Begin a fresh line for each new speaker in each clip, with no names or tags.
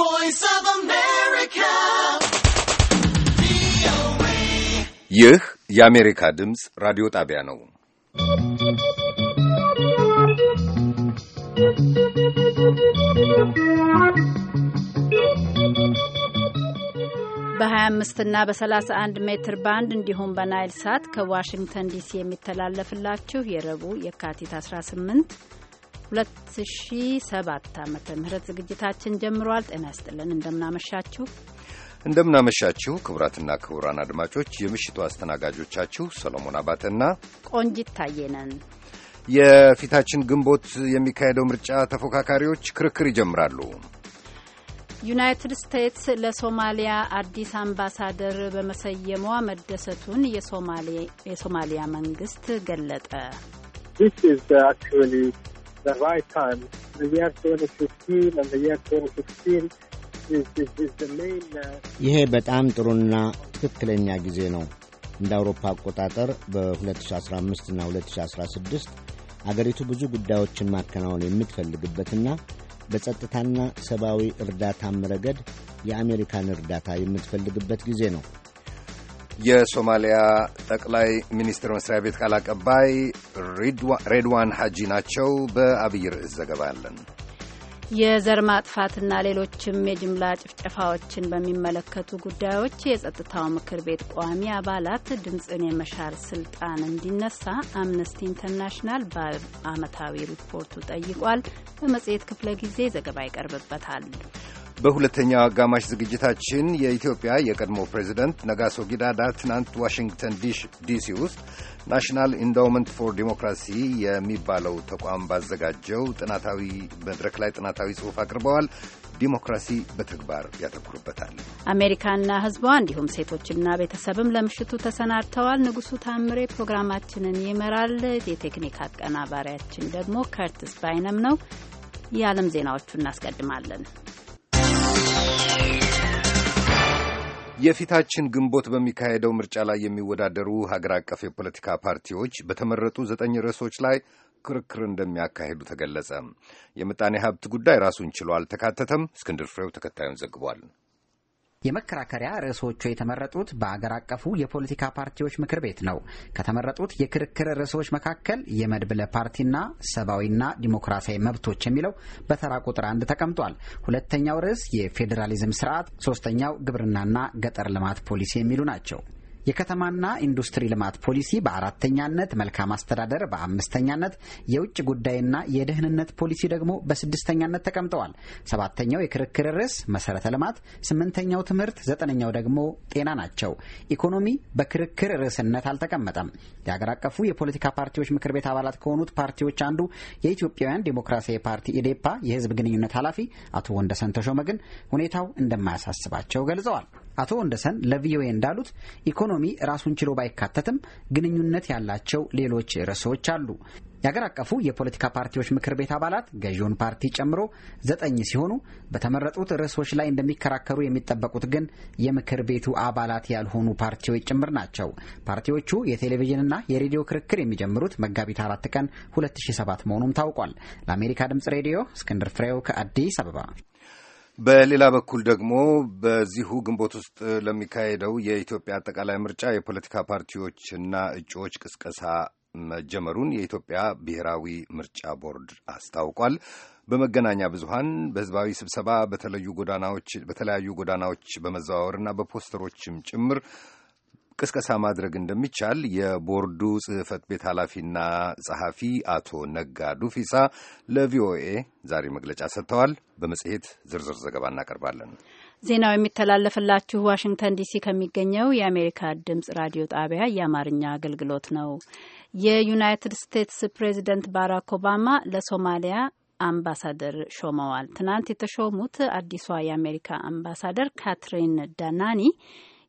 voice of America.
ይህ የአሜሪካ ድምፅ ራዲዮ ጣቢያ ነው።
በ25 እና በ31 ሜትር ባንድ እንዲሁም በናይል ሳት ከዋሽንግተን ዲሲ የሚተላለፍላችሁ የረቡዕ የካቲት 18 2007 ዓ ም ዝግጅታችን ጀምሯል። ጤና ይስጥልን። እንደምናመሻችሁ
እንደምናመሻችሁ ክቡራትና ክቡራን አድማጮች የምሽቱ አስተናጋጆቻችሁ ሰሎሞን አባተና
ቆንጂት ታየ ነን።
የፊታችን ግንቦት የሚካሄደው ምርጫ ተፎካካሪዎች ክርክር ይጀምራሉ።
ዩናይትድ ስቴትስ ለሶማሊያ አዲስ አምባሳደር በመሰየሟ መደሰቱን የሶማሊያ መንግስት
ገለጠ።
the right time. The year 2015 and the year 2016 is, uh,
ይሄ በጣም ጥሩና ትክክለኛ ጊዜ ነው። እንደ አውሮፓ አቆጣጠር በ2015 እና 2016 አገሪቱ ብዙ ጉዳዮችን ማከናወን የምትፈልግበትና በጸጥታና ሰብአዊ እርዳታም ረገድ የአሜሪካን እርዳታ የምትፈልግበት ጊዜ ነው።
የሶማሊያ ጠቅላይ ሚኒስትር መስሪያ ቤት ቃል አቀባይ ሬድዋን ሐጂ ናቸው። በአብይ ርዕስ ዘገባ አለን።
የዘር ማጥፋትና ሌሎችም የጅምላ ጭፍጨፋዎችን በሚመለከቱ ጉዳዮች የጸጥታው ምክር ቤት ቋሚ አባላት ድምፅን የመሻር ስልጣን እንዲነሳ አምነስቲ ኢንተርናሽናል በአመታዊ ሪፖርቱ ጠይቋል። በመጽሔት ክፍለ ጊዜ ዘገባ ይቀርብበታል።
በሁለተኛው አጋማሽ ዝግጅታችን የኢትዮጵያ የቀድሞ ፕሬዚደንት ነጋሶ ጊዳዳ ትናንት ዋሽንግተን ዲሲ ውስጥ ናሽናል ኢንዳውመንት ፎር ዲሞክራሲ የሚባለው ተቋም ባዘጋጀው ጥናታዊ መድረክ ላይ ጥናታዊ ጽሑፍ አቅርበዋል። ዲሞክራሲ በተግባር ያተኩርበታል።
አሜሪካና ሕዝቧ እንዲሁም ሴቶችና ቤተሰብም ለምሽቱ ተሰናድተዋል። ንጉሱ ታምሬ ፕሮግራማችንን ይመራል። የቴክኒክ አቀናባሪያችን ደግሞ ከርትስ ባይነም ነው። የዓለም ዜናዎቹ እናስቀድማለን።
የፊታችን ግንቦት በሚካሄደው ምርጫ ላይ የሚወዳደሩ ሀገር አቀፍ የፖለቲካ ፓርቲዎች በተመረጡ ዘጠኝ ርዕሶች ላይ ክርክር እንደሚያካሄዱ ተገለጸ። የምጣኔ ሀብት ጉዳይ ራሱን ችሎ አልተካተተም። እስክንድር ፍሬው ተከታዩን ዘግቧል።
የመከራከሪያ ርዕሶቹ የተመረጡት በአገር አቀፉ የፖለቲካ ፓርቲዎች ምክር ቤት ነው። ከተመረጡት የክርክር ርዕሶች መካከል የመድብለ ፓርቲና ሰብአዊና ዲሞክራሲያዊ መብቶች የሚለው በተራ ቁጥር አንድ ተቀምጧል። ሁለተኛው ርዕስ የፌዴራሊዝም ስርዓት፣ ሶስተኛው ግብርናና ገጠር ልማት ፖሊሲ የሚሉ ናቸው። የከተማና ኢንዱስትሪ ልማት ፖሊሲ በአራተኛነት፣ መልካም አስተዳደር በአምስተኛነት፣ የውጭ ጉዳይና የደህንነት ፖሊሲ ደግሞ በስድስተኛነት ተቀምጠዋል። ሰባተኛው የክርክር ርዕስ መሰረተ ልማት፣ ስምንተኛው ትምህርት፣ ዘጠነኛው ደግሞ ጤና ናቸው። ኢኮኖሚ በክርክር ርዕስነት አልተቀመጠም። የአገር አቀፉ የፖለቲካ ፓርቲዎች ምክር ቤት አባላት ከሆኑት ፓርቲዎች አንዱ የኢትዮጵያውያን ዴሞክራሲያዊ ፓርቲ ኢዴፓ የህዝብ ግንኙነት ኃላፊ አቶ ወንደሰን ተሾመ ግን ሁኔታው እንደማያሳስባቸው ገልጸዋል። አቶ ወንደሰን ለቪኦኤ እንዳሉት ኢኮኖሚ ራሱን ችሎ ባይካተትም ግንኙነት ያላቸው ሌሎች ርዕሶች አሉ። የአገር አቀፉ የፖለቲካ ፓርቲዎች ምክር ቤት አባላት ገዢውን ፓርቲ ጨምሮ ዘጠኝ ሲሆኑ በተመረጡት ርዕሶች ላይ እንደሚከራከሩ የሚጠበቁት ግን የምክር ቤቱ አባላት ያልሆኑ ፓርቲዎች ጭምር ናቸው። ፓርቲዎቹ የቴሌቪዥንና የሬዲዮ ክርክር የሚጀምሩት መጋቢት አራት ቀን 2007 መሆኑም ታውቋል። ለአሜሪካ ድምጽ ሬዲዮ እስክንድር ፍሬው ከአዲስ አበባ
በሌላ በኩል ደግሞ በዚሁ ግንቦት ውስጥ ለሚካሄደው የኢትዮጵያ አጠቃላይ ምርጫ የፖለቲካ ፓርቲዎችና እጩዎች ቅስቀሳ መጀመሩን የኢትዮጵያ ብሔራዊ ምርጫ ቦርድ አስታውቋል። በመገናኛ ብዙሃን በህዝባዊ ስብሰባ በተለዩ ጎዳናዎች በተለያዩ ጎዳናዎች በመዘዋወርና በፖስተሮችም ጭምር ቅስቀሳ ማድረግ እንደሚቻል የቦርዱ ጽህፈት ቤት ኃላፊና ጸሐፊ አቶ ነጋ ዱፊሳ ለቪኦኤ ዛሬ መግለጫ ሰጥተዋል። በመጽሔት ዝርዝር ዘገባ እናቀርባለን።
ዜናው የሚተላለፍላችሁ ዋሽንግተን ዲሲ ከሚገኘው የአሜሪካ ድምጽ ራዲዮ ጣቢያ የአማርኛ አገልግሎት ነው። የዩናይትድ ስቴትስ ፕሬዚደንት ባራክ ኦባማ ለሶማሊያ አምባሳደር ሾመዋል። ትናንት የተሾሙት አዲሷ የአሜሪካ አምባሳደር ካትሪን ዳናኒ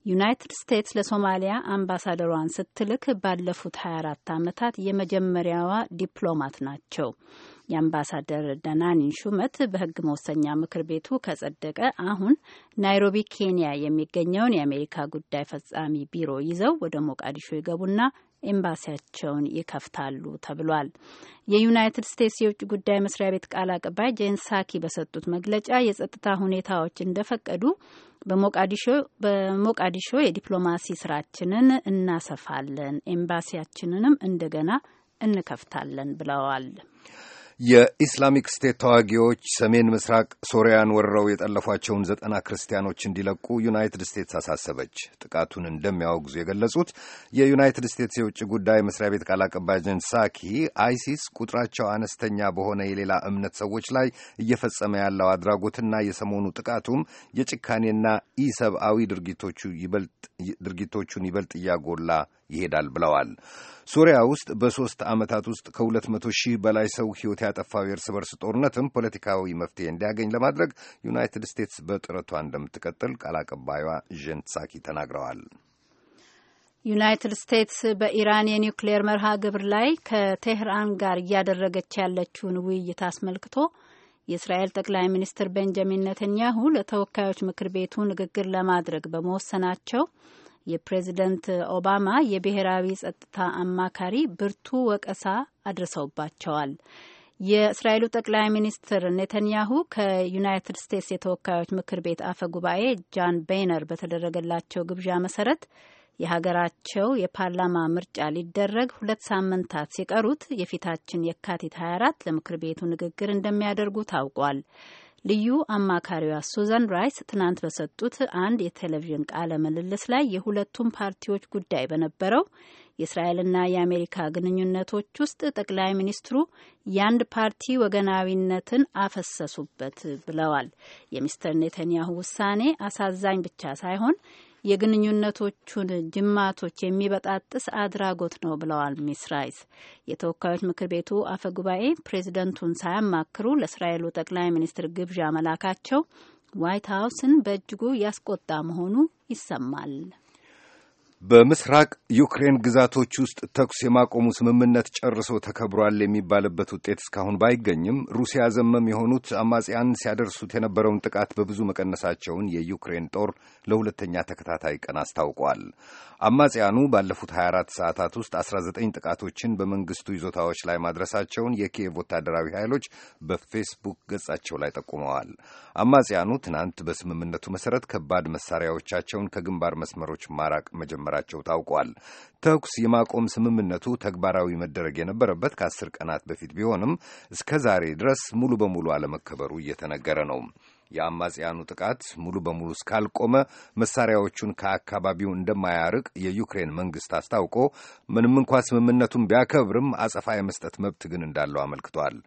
ዩናይትድ ስቴትስ ለሶማሊያ አምባሳደሯን ስትልክ ባለፉት 24 ዓመታት የመጀመሪያዋ ዲፕሎማት ናቸው። የአምባሳደር ደናኒን ሹመት በሕግ መወሰኛ ምክር ቤቱ ከጸደቀ አሁን ናይሮቢ ኬንያ የሚገኘውን የአሜሪካ ጉዳይ ፈጻሚ ቢሮ ይዘው ወደ ሞቃዲሾ ይገቡና ኤምባሲያቸውን ይከፍታሉ ተብሏል። የዩናይትድ ስቴትስ የውጭ ጉዳይ መስሪያ ቤት ቃል አቀባይ ጄን ሳኪ በሰጡት መግለጫ የጸጥታ ሁኔታዎች እንደፈቀዱ በሞቃዲሾ የዲፕሎማሲ ስራችንን እናሰፋለን፣ ኤምባሲያችንንም እንደገና እንከፍታለን ብለዋል።
የኢስላሚክ ስቴት ተዋጊዎች ሰሜን ምስራቅ ሶሪያን ወርረው የጠለፏቸውን ዘጠና ክርስቲያኖች እንዲለቁ ዩናይትድ ስቴትስ አሳሰበች። ጥቃቱን እንደሚያወግዙ የገለጹት የዩናይትድ ስቴትስ የውጭ ጉዳይ መስሪያ ቤት ቃል አቀባይ ጀን ሳኪ አይሲስ ቁጥራቸው አነስተኛ በሆነ የሌላ እምነት ሰዎች ላይ እየፈጸመ ያለው አድራጎትና የሰሞኑ ጥቃቱም የጭካኔና ኢሰብአዊ ድርጊቶቹን ይበልጥ እያጎላ ይሄዳል ብለዋል። ሱሪያ ውስጥ በሦስት ዓመታት ውስጥ ከሁለት መቶ ሺህ በላይ ሰው ሕይወት ያጠፋው የእርስ በርስ ጦርነትም ፖለቲካዊ መፍትሄ እንዲያገኝ ለማድረግ ዩናይትድ ስቴትስ በጥረቷ እንደምትቀጥል ቃል አቀባዩዋ ጄን ተናግረዋል።
ዩናይትድ ስቴትስ በኢራን የኒውክሌር መርሃ ግብር ላይ ከቴህራን ጋር እያደረገች ያለችውን ውይይት አስመልክቶ የእስራኤል ጠቅላይ ሚኒስትር ቤንጃሚን ነተንያሁ ለተወካዮች ምክር ቤቱ ንግግር ለማድረግ በመወሰናቸው የፕሬዝደንት ኦባማ የብሔራዊ ጸጥታ አማካሪ ብርቱ ወቀሳ አድርሰውባቸዋል። የእስራኤሉ ጠቅላይ ሚኒስትር ኔተንያሁ ከዩናይትድ ስቴትስ የተወካዮች ምክር ቤት አፈ ጉባኤ ጃን ቤይነር በተደረገላቸው ግብዣ መሰረት የሀገራቸው የፓርላማ ምርጫ ሊደረግ ሁለት ሳምንታት ሲቀሩት የፊታችን የካቲት 24 ለምክር ቤቱ ንግግር እንደሚያደርጉ ታውቋል። ልዩ አማካሪዋ ሱዘን ራይስ ትናንት በሰጡት አንድ የቴሌቪዥን ቃለ ምልልስ ላይ የሁለቱም ፓርቲዎች ጉዳይ በነበረው የእስራኤልና የአሜሪካ ግንኙነቶች ውስጥ ጠቅላይ ሚኒስትሩ የአንድ ፓርቲ ወገናዊነትን አፈሰሱበት ብለዋል። የሚስተር ኔተንያሁ ውሳኔ አሳዛኝ ብቻ ሳይሆን የግንኙነቶቹን ጅማቶች የሚበጣጥስ አድራጎት ነው ብለዋል ሚስ ራይስ። የተወካዮች ምክር ቤቱ አፈ ጉባኤ ፕሬዝደንቱን ሳያማክሩ ለእስራኤሉ ጠቅላይ ሚኒስትር ግብዣ መላካቸው ዋይት ሀውስን በእጅጉ ያስቆጣ መሆኑ ይሰማል።
በምስራቅ ዩክሬን ግዛቶች ውስጥ ተኩስ የማቆሙ ስምምነት ጨርሶ ተከብሯል የሚባልበት ውጤት እስካሁን ባይገኝም ሩሲያ ዘመም የሆኑት አማጽያን ሲያደርሱት የነበረውን ጥቃት በብዙ መቀነሳቸውን የዩክሬን ጦር ለሁለተኛ ተከታታይ ቀን አስታውቋል። አማጽያኑ ባለፉት 24 ሰዓታት ውስጥ 19 ጥቃቶችን በመንግስቱ ይዞታዎች ላይ ማድረሳቸውን የኪየቭ ወታደራዊ ኃይሎች በፌስቡክ ገጻቸው ላይ ጠቁመዋል። አማጽያኑ ትናንት በስምምነቱ መሠረት ከባድ መሳሪያዎቻቸውን ከግንባር መስመሮች ማራቅ መጀመር መጀመራቸው ታውቋል። ተኩስ የማቆም ስምምነቱ ተግባራዊ መደረግ የነበረበት ከአስር ቀናት በፊት ቢሆንም እስከ ዛሬ ድረስ ሙሉ በሙሉ አለመከበሩ እየተነገረ ነው። የአማጽያኑ ጥቃት ሙሉ በሙሉ እስካልቆመ መሳሪያዎቹን ከአካባቢው እንደማያርቅ የዩክሬን መንግስት አስታውቆ ምንም እንኳ ስምምነቱን ቢያከብርም አጸፋ የመስጠት መብት ግን እንዳለው አመልክቷል።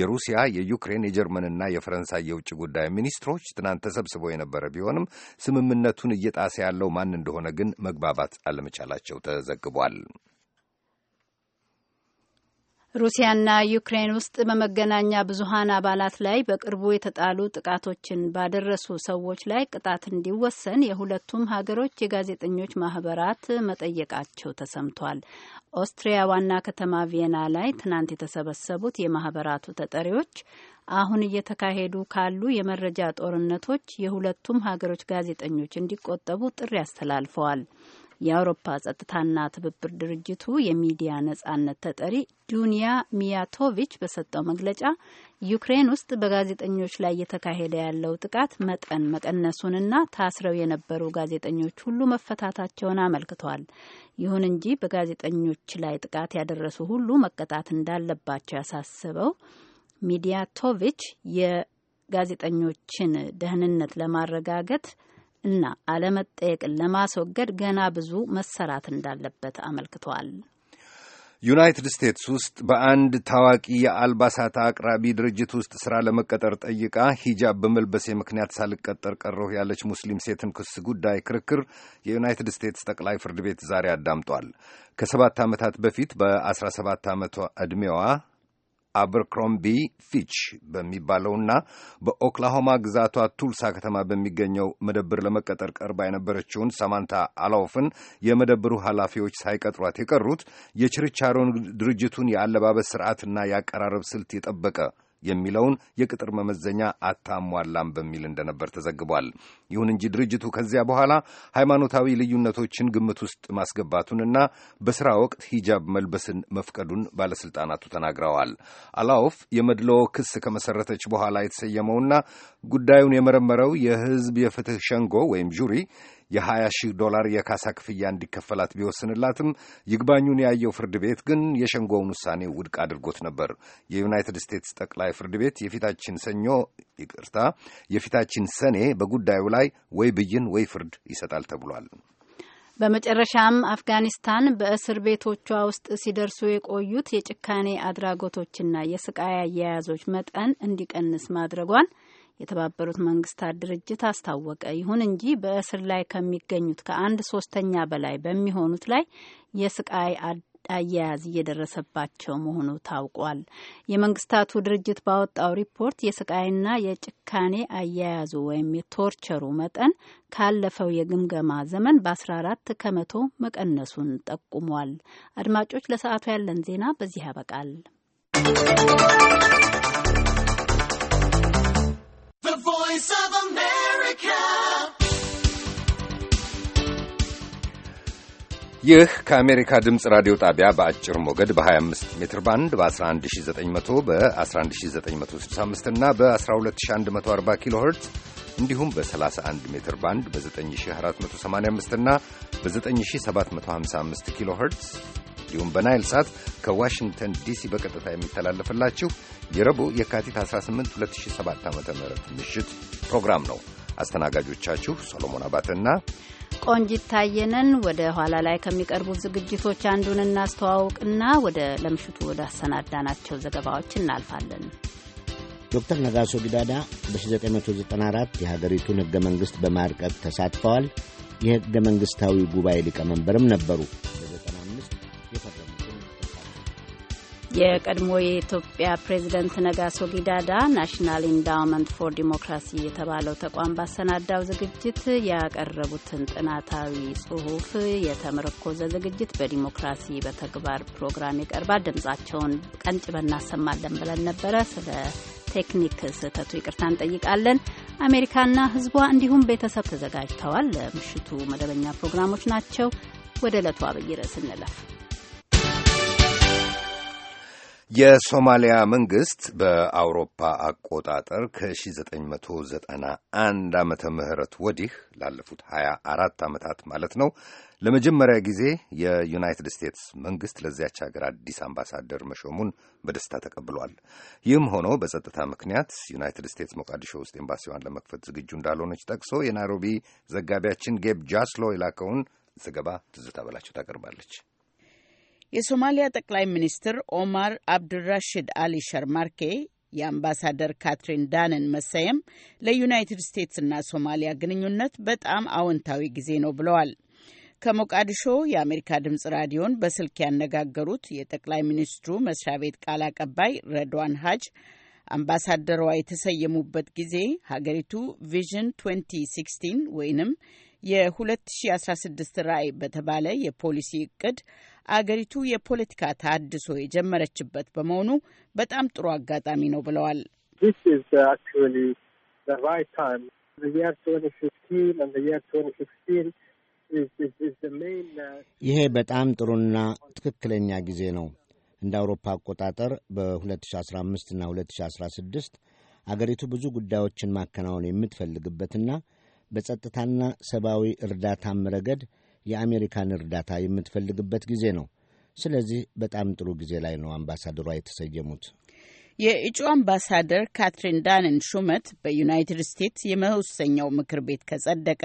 የሩሲያ የዩክሬን የጀርመንና የፈረንሳይ የውጭ ጉዳይ ሚኒስትሮች ትናንት ተሰብስበው የነበረ ቢሆንም ስምምነቱን እየጣሰ ያለው ማን እንደሆነ ግን መግባባት አለመቻላቸው ተዘግቧል።
ሩሲያና ዩክሬን ውስጥ በመገናኛ ብዙሃን አባላት ላይ በቅርቡ የተጣሉ ጥቃቶችን ባደረሱ ሰዎች ላይ ቅጣት እንዲወሰን የሁለቱም ሀገሮች የጋዜጠኞች ማህበራት መጠየቃቸው ተሰምቷል። ኦስትሪያ ዋና ከተማ ቪየና ላይ ትናንት የተሰበሰቡት የማህበራቱ ተጠሪዎች አሁን እየተካሄዱ ካሉ የመረጃ ጦርነቶች የሁለቱም ሀገሮች ጋዜጠኞች እንዲቆጠቡ ጥሪ አስተላልፈዋል። የአውሮፓ ጸጥታና ትብብር ድርጅቱ የሚዲያ ነጻነት ተጠሪ ዱኒያ ሚያቶቪች በሰጠው መግለጫ ዩክሬን ውስጥ በጋዜጠኞች ላይ እየተካሄደ ያለው ጥቃት መጠን መቀነሱንና ታስረው የነበሩ ጋዜጠኞች ሁሉ መፈታታቸውን አመልክቷል። ይሁን እንጂ በጋዜጠኞች ላይ ጥቃት ያደረሱ ሁሉ መቀጣት እንዳለባቸው ያሳስበው ሚዲያቶቪች የጋዜጠኞችን ደህንነት ለማረጋገጥ እና አለመጠየቅን ለማስወገድ ገና ብዙ መሰራት እንዳለበት አመልክቷል።
ዩናይትድ ስቴትስ ውስጥ በአንድ ታዋቂ የአልባሳት አቅራቢ ድርጅት ውስጥ ሥራ ለመቀጠር ጠይቃ ሂጃብ በመልበሴ ምክንያት ሳልቀጠር ቀረሁ ያለች ሙስሊም ሴትን ክስ ጉዳይ ክርክር የዩናይትድ ስቴትስ ጠቅላይ ፍርድ ቤት ዛሬ አዳምጧል። ከሰባት ዓመታት በፊት በ17 ዓመቷ ዕድሜዋ አብርክሮምቢ ፊች በሚባለውና በኦክላሆማ ግዛቷ ቱልሳ ከተማ በሚገኘው መደብር ለመቀጠር ቀርባ የነበረችውን ሳማንታ አላውፍን የመደብሩ ኃላፊዎች ሳይቀጥሯት የቀሩት የችርቻሮን ድርጅቱን የአለባበስ ስርዓትና የአቀራረብ ስልት የጠበቀ የሚለውን የቅጥር መመዘኛ አታሟላም በሚል እንደነበር ተዘግቧል። ይሁን እንጂ ድርጅቱ ከዚያ በኋላ ሃይማኖታዊ ልዩነቶችን ግምት ውስጥ ማስገባቱንና በስራ ወቅት ሂጃብ መልበስን መፍቀዱን ባለስልጣናቱ ተናግረዋል። አላውፍ የመድሎ ክስ ከመሰረተች በኋላ የተሰየመውና ጉዳዩን የመረመረው የህዝብ የፍትህ ሸንጎ ወይም ጁሪ የ20 ሺህ ዶላር የካሳ ክፍያ እንዲከፈላት ቢወስንላትም ይግባኙን ያየው ፍርድ ቤት ግን የሸንጎውን ውሳኔ ውድቅ አድርጎት ነበር። የዩናይትድ ስቴትስ ጠቅላይ ፍርድ ቤት የፊታችን ሰኞ ይቅርታ፣ የፊታችን ሰኔ በጉዳዩ ላይ ወይ ብይን ወይ ፍርድ ይሰጣል ተብሏል።
በመጨረሻም አፍጋኒስታን በእስር ቤቶቿ ውስጥ ሲደርሱ የቆዩት የጭካኔ አድራጎቶችና የስቃይ አያያዞች መጠን እንዲቀንስ ማድረጓን የተባበሩት መንግስታት ድርጅት አስታወቀ። ይሁን እንጂ በእስር ላይ ከሚገኙት ከአንድ ሶስተኛ በላይ በሚሆኑት ላይ የስቃይ አያያዝ እየደረሰባቸው መሆኑ ታውቋል። የመንግስታቱ ድርጅት ባወጣው ሪፖርት የስቃይና የጭካኔ አያያዙ ወይም የቶርቸሩ መጠን ካለፈው የግምገማ ዘመን በ14 ከመቶ መቀነሱን ጠቁሟል። አድማጮች፣ ለሰዓቱ ያለን ዜና በዚህ ያበቃል።
voice of America.
ይህ ከአሜሪካ ድምፅ ራዲዮ ጣቢያ በአጭር ሞገድ በ25 ሜትር ባንድ በ11900 በ11965 እና በ12140 ኪሎ ሄርትዝ እንዲሁም በ31 ሜትር ባንድ በ9485 እና በ9755 ኪሎ ሄርትዝ እንዲሁም በናይል ሳት ከዋሽንግተን ዲሲ በቀጥታ የሚተላለፍላችሁ የረቡዕ የካቲት 18 2007 ዓ ም ምሽት ፕሮግራም ነው። አስተናጋጆቻችሁ ሰሎሞን አባትና
ቆንጂት ታየነን። ወደ ኋላ ላይ ከሚቀርቡ ዝግጅቶች አንዱን እናስተዋውቅና ወደ ለምሽቱ ወደ አሰናዳናቸው ዘገባዎች እናልፋለን።
ዶክተር ነጋሶ ጊዳዳ በ1994 የሀገሪቱን ሕገ መንግሥት በማርቀቅ ተሳትፈዋል። የሕገ መንግሥታዊ ጉባኤ ሊቀመንበርም ነበሩ።
የቀድሞ የኢትዮጵያ ፕሬዝደንት ነጋሶ ጊዳዳ ናሽናል ኢንዳውመንት ፎር ዲሞክራሲ የተባለው ተቋም ባሰናዳው ዝግጅት ያቀረቡትን ጥናታዊ ጽሁፍ የተመረኮዘ ዝግጅት በዲሞክራሲ በተግባር ፕሮግራም ይቀርባል። ድምጻቸውን ቀንጭበን እናሰማለን ብለን ነበረ። ስለ ቴክኒክ ስህተቱ ይቅርታ እንጠይቃለን። አሜሪካና ሕዝቧ እንዲሁም ቤተሰብ ተዘጋጅተዋል። ለምሽቱ መደበኛ ፕሮግራሞች ናቸው። ወደ ዕለቱ አብይ ርዕስ እንለፍ።
የሶማሊያ መንግስት በአውሮፓ አቆጣጠር ከ1991 ዓመተ ምህረት ወዲህ ላለፉት 24 ዓመታት ማለት ነው ለመጀመሪያ ጊዜ የዩናይትድ ስቴትስ መንግስት ለዚያች ሀገር አዲስ አምባሳደር መሾሙን በደስታ ተቀብሏል። ይህም ሆኖ በጸጥታ ምክንያት ዩናይትድ ስቴትስ ሞቃዲሾ ውስጥ ኤምባሲዋን ለመክፈት ዝግጁ እንዳልሆነች ጠቅሶ የናይሮቢ ዘጋቢያችን ጌብ ጃስሎ የላከውን ዘገባ ትዝታ በላቸው ታቀርባለች።
የሶማሊያ ጠቅላይ ሚኒስትር ኦማር አብዱራሽድ አሊ ሸርማርኬ የአምባሳደር ካትሪን ዳንን መሰየም ለዩናይትድ ስቴትስና ሶማሊያ ግንኙነት በጣም አዎንታዊ ጊዜ ነው ብለዋል። ከሞቃዲሾ የአሜሪካ ድምጽ ራዲዮን በስልክ ያነጋገሩት የጠቅላይ ሚኒስትሩ መስሪያ ቤት ቃል አቀባይ ረድዋን ሀጅ አምባሳደሯ የተሰየሙበት ጊዜ ሀገሪቱ ቪዥን 2016 ወይንም የ2016 ራዕይ በተባለ የፖሊሲ እቅድ አገሪቱ የፖለቲካ ታድሶ የጀመረችበት በመሆኑ በጣም ጥሩ አጋጣሚ ነው ብለዋል።
uh,
ይሄ በጣም ጥሩና ትክክለኛ ጊዜ ነው። እንደ አውሮፓ አቆጣጠር በ2015 እና 2016 አገሪቱ ብዙ ጉዳዮችን ማከናወን የምትፈልግበትና በጸጥታና ሰብአዊ እርዳታም ረገድ የአሜሪካን እርዳታ የምትፈልግበት ጊዜ ነው። ስለዚህ በጣም ጥሩ ጊዜ ላይ ነው አምባሳደሯ የተሰየሙት።
የእጩ አምባሳደር ካትሪን ዳንን ሹመት በዩናይትድ ስቴትስ የመወሰኛው ምክር ቤት ከጸደቀ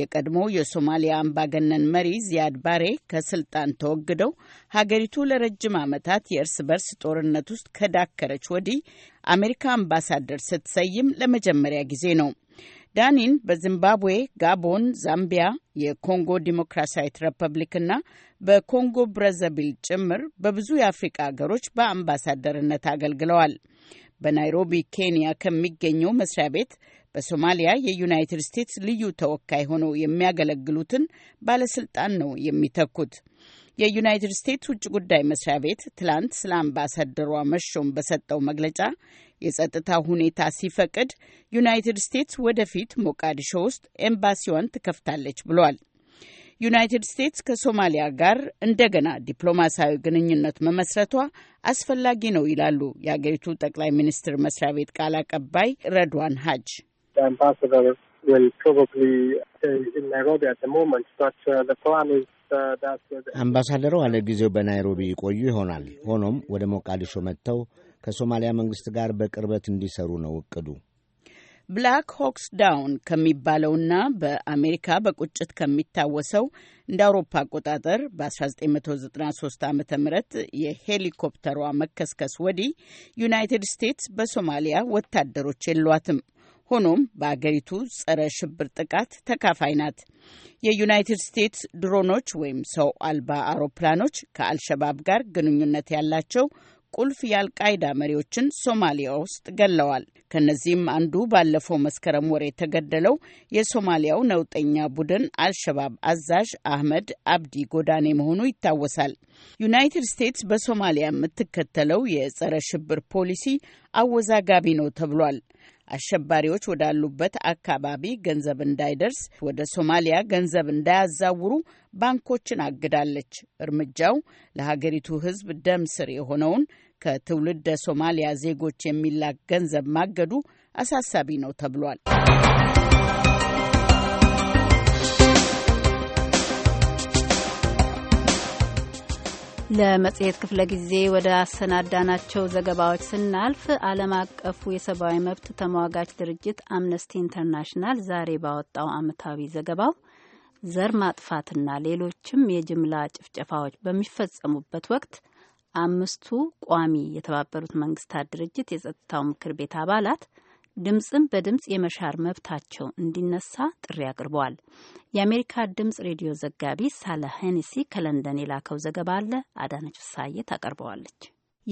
የቀድሞ የሶማሊያ አምባገነን መሪ ዚያድ ባሬ ከስልጣን ተወግደው ሀገሪቱ ለረጅም ዓመታት የእርስ በርስ ጦርነት ውስጥ ከዳከረች ወዲህ አሜሪካ አምባሳደር ስትሰይም ለመጀመሪያ ጊዜ ነው። ዳኒን በዚምባብዌ፣ ጋቦን፣ ዛምቢያ፣ የኮንጎ ዲሞክራሲያዊት ሪፐብሊክና በኮንጎ ብረዘቢል ጭምር በብዙ የአፍሪቃ ሀገሮች በአምባሳደርነት አገልግለዋል። በናይሮቢ ኬንያ ከሚገኘው መስሪያ ቤት በሶማሊያ የዩናይትድ ስቴትስ ልዩ ተወካይ ሆነው የሚያገለግሉትን ባለስልጣን ነው የሚተኩት። የዩናይትድ ስቴትስ ውጭ ጉዳይ መስሪያ ቤት ትላንት ስለ አምባሳደሯ መሾም በሰጠው መግለጫ የጸጥታ ሁኔታ ሲፈቅድ ዩናይትድ ስቴትስ ወደፊት ሞቃዲሾ ውስጥ ኤምባሲዋን ትከፍታለች ብሏል። ዩናይትድ ስቴትስ ከሶማሊያ ጋር እንደገና ዲፕሎማሲያዊ ግንኙነት መመስረቷ አስፈላጊ ነው ይላሉ የአገሪቱ ጠቅላይ ሚኒስትር መስሪያ ቤት ቃል አቀባይ ረድዋን ሀጅ።
አምባሳደሩ አለ ጊዜው በናይሮቢ ይቆዩ ይሆናል። ሆኖም ወደ ሞቃዲሾ መጥተው ከሶማሊያ መንግሥት ጋር በቅርበት እንዲሰሩ ነው እቅዱ።
ብላክ ሆክስ ዳውን ከሚባለውና በአሜሪካ በቁጭት ከሚታወሰው እንደ አውሮፓ አቆጣጠር በ1993 ዓ ም የሄሊኮፕተሯ መከስከስ ወዲህ ዩናይትድ ስቴትስ በሶማሊያ ወታደሮች የሏትም። ሆኖም በአገሪቱ ጸረ ሽብር ጥቃት ተካፋይ ናት። የዩናይትድ ስቴትስ ድሮኖች ወይም ሰው አልባ አውሮፕላኖች ከአልሸባብ ጋር ግንኙነት ያላቸው ቁልፍ የአልቃይዳ መሪዎችን ሶማሊያ ውስጥ ገለዋል። ከነዚህም አንዱ ባለፈው መስከረም ወር የተገደለው የሶማሊያው ነውጠኛ ቡድን አልሸባብ አዛዥ አህመድ አብዲ ጎዳኔ መሆኑ ይታወሳል። ዩናይትድ ስቴትስ በሶማሊያ የምትከተለው የጸረ ሽብር ፖሊሲ አወዛጋቢ ነው ተብሏል። አሸባሪዎች ወዳሉበት አካባቢ ገንዘብ እንዳይደርስ ወደ ሶማሊያ ገንዘብ እንዳያዛውሩ ባንኮችን አግዳለች። እርምጃው ለሀገሪቱ ሕዝብ ደም ስር የሆነውን ከትውልደ ሶማሊያ ዜጎች የሚላክ ገንዘብ ማገዱ አሳሳቢ ነው ተብሏል። ለመጽሔት ክፍለ ጊዜ
ወደ አሰናዳናቸው ዘገባዎች ስናልፍ ዓለም አቀፉ የሰብአዊ መብት ተሟጋች ድርጅት አምነስቲ ኢንተርናሽናል ዛሬ ባወጣው ዓመታዊ ዘገባው ዘር ማጥፋትና ሌሎችም የጅምላ ጭፍጨፋዎች በሚፈጸሙበት ወቅት አምስቱ ቋሚ የተባበሩት መንግስታት ድርጅት የጸጥታው ምክር ቤት አባላት ድምፅን በድምፅ የመሻር መብታቸው እንዲነሳ ጥሪ አቅርበዋል። የአሜሪካ ድምፅ ሬዲዮ ዘጋቢ ሳለ ሄኒሲ ከለንደን የላከው ዘገባ አለ። አዳነች ፍሳዬ ታቀርበዋለች።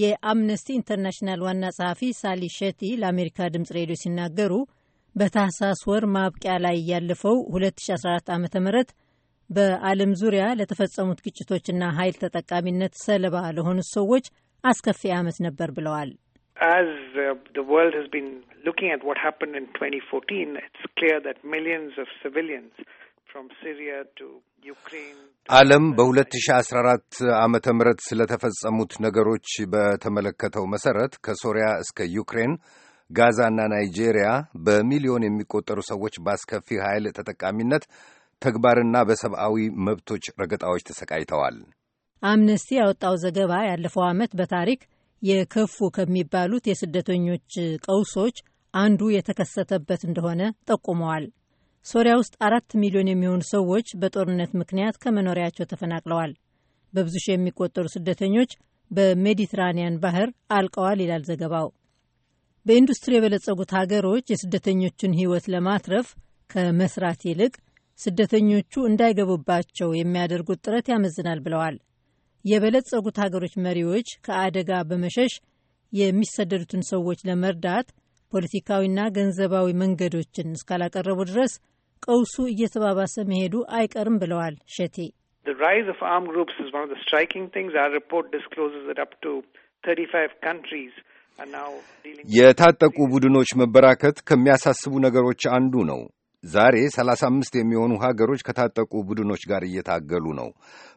የአምነስቲ ኢንተርናሽናል ዋና ጸሐፊ ሳሊ ሸቲ ለአሜሪካ ድምፅ ሬዲዮ ሲናገሩ በታህሳስ ወር ማብቂያ ላይ ያለፈው 2014 ዓ ም በዓለም ዙሪያ ለተፈጸሙት ግጭቶችና ኃይል ተጠቃሚነት ሰለባ ለሆኑት ሰዎች አስከፊ ዓመት ነበር ብለዋል።
uh,
ዓለም በ2014 ዓመተ ምህረት ስለተፈጸሙት ነገሮች በተመለከተው መሠረት ከሶሪያ እስከ ዩክሬን ጋዛና ናይጄሪያ በሚሊዮን የሚቆጠሩ ሰዎች በአስከፊ ኃይል ተጠቃሚነት ተግባርና በሰብአዊ መብቶች ረገጣዎች ተሰቃይተዋል።
አምነስቲ ያወጣው ዘገባ ያለፈው ዓመት በታሪክ የከፉ ከሚባሉት የስደተኞች ቀውሶች አንዱ የተከሰተበት እንደሆነ ጠቁመዋል። ሶሪያ ውስጥ አራት ሚሊዮን የሚሆኑ ሰዎች በጦርነት ምክንያት ከመኖሪያቸው ተፈናቅለዋል። በብዙ ሺህ የሚቆጠሩ ስደተኞች በሜዲትራኒያን ባህር አልቀዋል ይላል ዘገባው። በኢንዱስትሪ የበለጸጉት ሀገሮች የስደተኞችን ሕይወት ለማትረፍ ከመስራት ይልቅ ስደተኞቹ እንዳይገቡባቸው የሚያደርጉት ጥረት ያመዝናል ብለዋል። የበለጸጉት ሀገሮች መሪዎች ከአደጋ በመሸሽ የሚሰደዱትን ሰዎች ለመርዳት ፖለቲካዊና ገንዘባዊ መንገዶችን እስካላቀረቡ ድረስ ቀውሱ እየተባባሰ መሄዱ አይቀርም ብለዋል ሸቴ።
የታጠቁ ቡድኖች መበራከት ከሚያሳስቡ ነገሮች አንዱ ነው። ዛሬ 35 የሚሆኑ ሀገሮች ከታጠቁ ቡድኖች ጋር እየታገሉ ነው።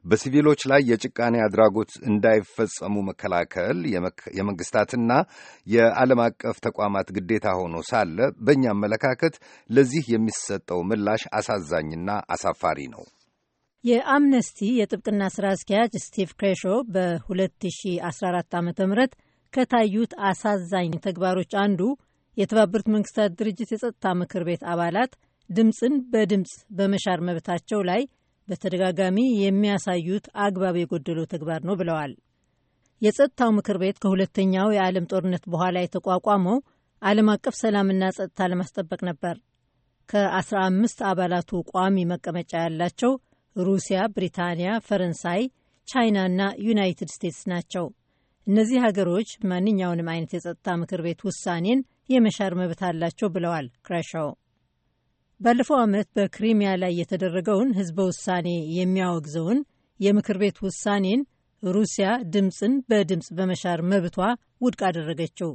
በሲቪሎች ላይ የጭቃኔ አድራጎት እንዳይፈጸሙ መከላከል የመንግስታትና የዓለም አቀፍ ተቋማት ግዴታ ሆኖ ሳለ በእኛ አመለካከት ለዚህ የሚሰጠው ምላሽ አሳዛኝና አሳፋሪ ነው።
የአምነስቲ የጥብቅና ስራ አስኪያጅ ስቲቭ ክሬሾ በ2014 ዓ ም ከታዩት አሳዛኝ ተግባሮች አንዱ የተባበሩት መንግስታት ድርጅት የጸጥታ ምክር ቤት አባላት ድምፅን በድምፅ በመሻር መብታቸው ላይ በተደጋጋሚ የሚያሳዩት አግባብ የጎደለው ተግባር ነው ብለዋል። የጸጥታው ምክር ቤት ከሁለተኛው የዓለም ጦርነት በኋላ የተቋቋመው ዓለም አቀፍ ሰላምና ጸጥታ ለማስጠበቅ ነበር። ከ15 አባላቱ ቋሚ መቀመጫ ያላቸው ሩሲያ፣ ብሪታንያ፣ ፈረንሳይ፣ ቻይና እና ዩናይትድ ስቴትስ ናቸው። እነዚህ ሀገሮች ማንኛውንም አይነት የጸጥታ ምክር ቤት ውሳኔን የመሻር መብት አላቸው ብለዋል ክራሻው። ባለፈው ዓመት በክሪሚያ ላይ የተደረገውን ህዝበ ውሳኔ የሚያወግዘውን የምክር ቤት ውሳኔን ሩሲያ ድምፅን በድምፅ በመሻር መብቷ ውድቅ አደረገችው።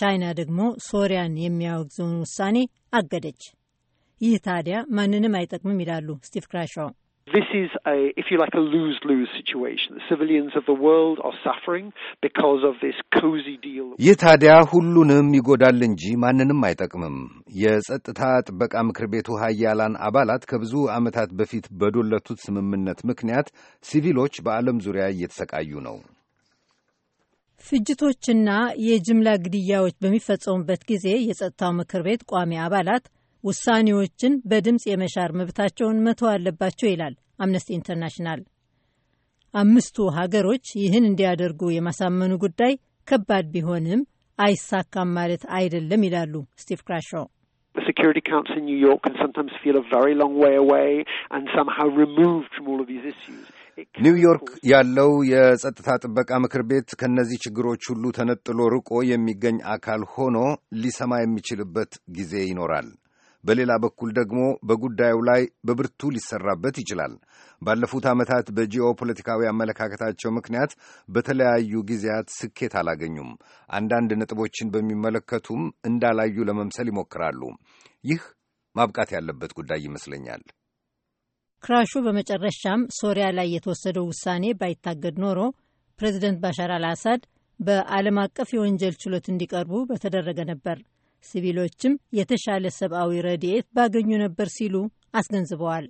ቻይና ደግሞ ሶሪያን የሚያወግዘውን ውሳኔ አገደች። ይህ ታዲያ ማንንም አይጠቅምም ይላሉ ስቲቭ ክራሻው።
This is a, if you like, a lose lose situation. The civilians of the world are suffering
because of this cozy deal. ይህ ታዲያ ሁሉንም ይጎዳል እንጂ ማንንም አይጠቅምም። የጸጥታ ጥበቃ ምክር ቤቱ ሀያላን አባላት ከብዙ ዓመታት በፊት በዶለቱት ስምምነት ምክንያት ሲቪሎች በዓለም ዙሪያ እየተሰቃዩ ነው።
ፍጅቶችና የጅምላ ግድያዎች በሚፈጸሙበት ጊዜ የጸጥታው ምክር ቤት ቋሚ አባላት ውሳኔዎችን በድምፅ የመሻር መብታቸውን መተው አለባቸው ይላል አምነስቲ ኢንተርናሽናል። አምስቱ ሀገሮች ይህን እንዲያደርጉ የማሳመኑ ጉዳይ ከባድ ቢሆንም አይሳካም ማለት አይደለም ይላሉ ስቲቭ ክራሾ።
ኒውዮርክ ያለው የጸጥታ ጥበቃ ምክር ቤት ከእነዚህ ችግሮች ሁሉ ተነጥሎ ርቆ የሚገኝ አካል ሆኖ ሊሰማ የሚችልበት ጊዜ ይኖራል። በሌላ በኩል ደግሞ በጉዳዩ ላይ በብርቱ ሊሰራበት ይችላል። ባለፉት ዓመታት በጂኦ ፖለቲካዊ አመለካከታቸው ምክንያት በተለያዩ ጊዜያት ስኬት አላገኙም። አንዳንድ ነጥቦችን በሚመለከቱም እንዳላዩ ለመምሰል ይሞክራሉ። ይህ ማብቃት ያለበት ጉዳይ ይመስለኛል።
ክራሹ በመጨረሻም ሶሪያ ላይ የተወሰደው ውሳኔ ባይታገድ ኖሮ ፕሬዚደንት ባሻር አልአሳድ በዓለም አቀፍ የወንጀል ችሎት እንዲቀርቡ በተደረገ ነበር። ሲቪሎችም የተሻለ ሰብአዊ ረድኤት ባገኙ ነበር ሲሉ አስገንዝበዋል።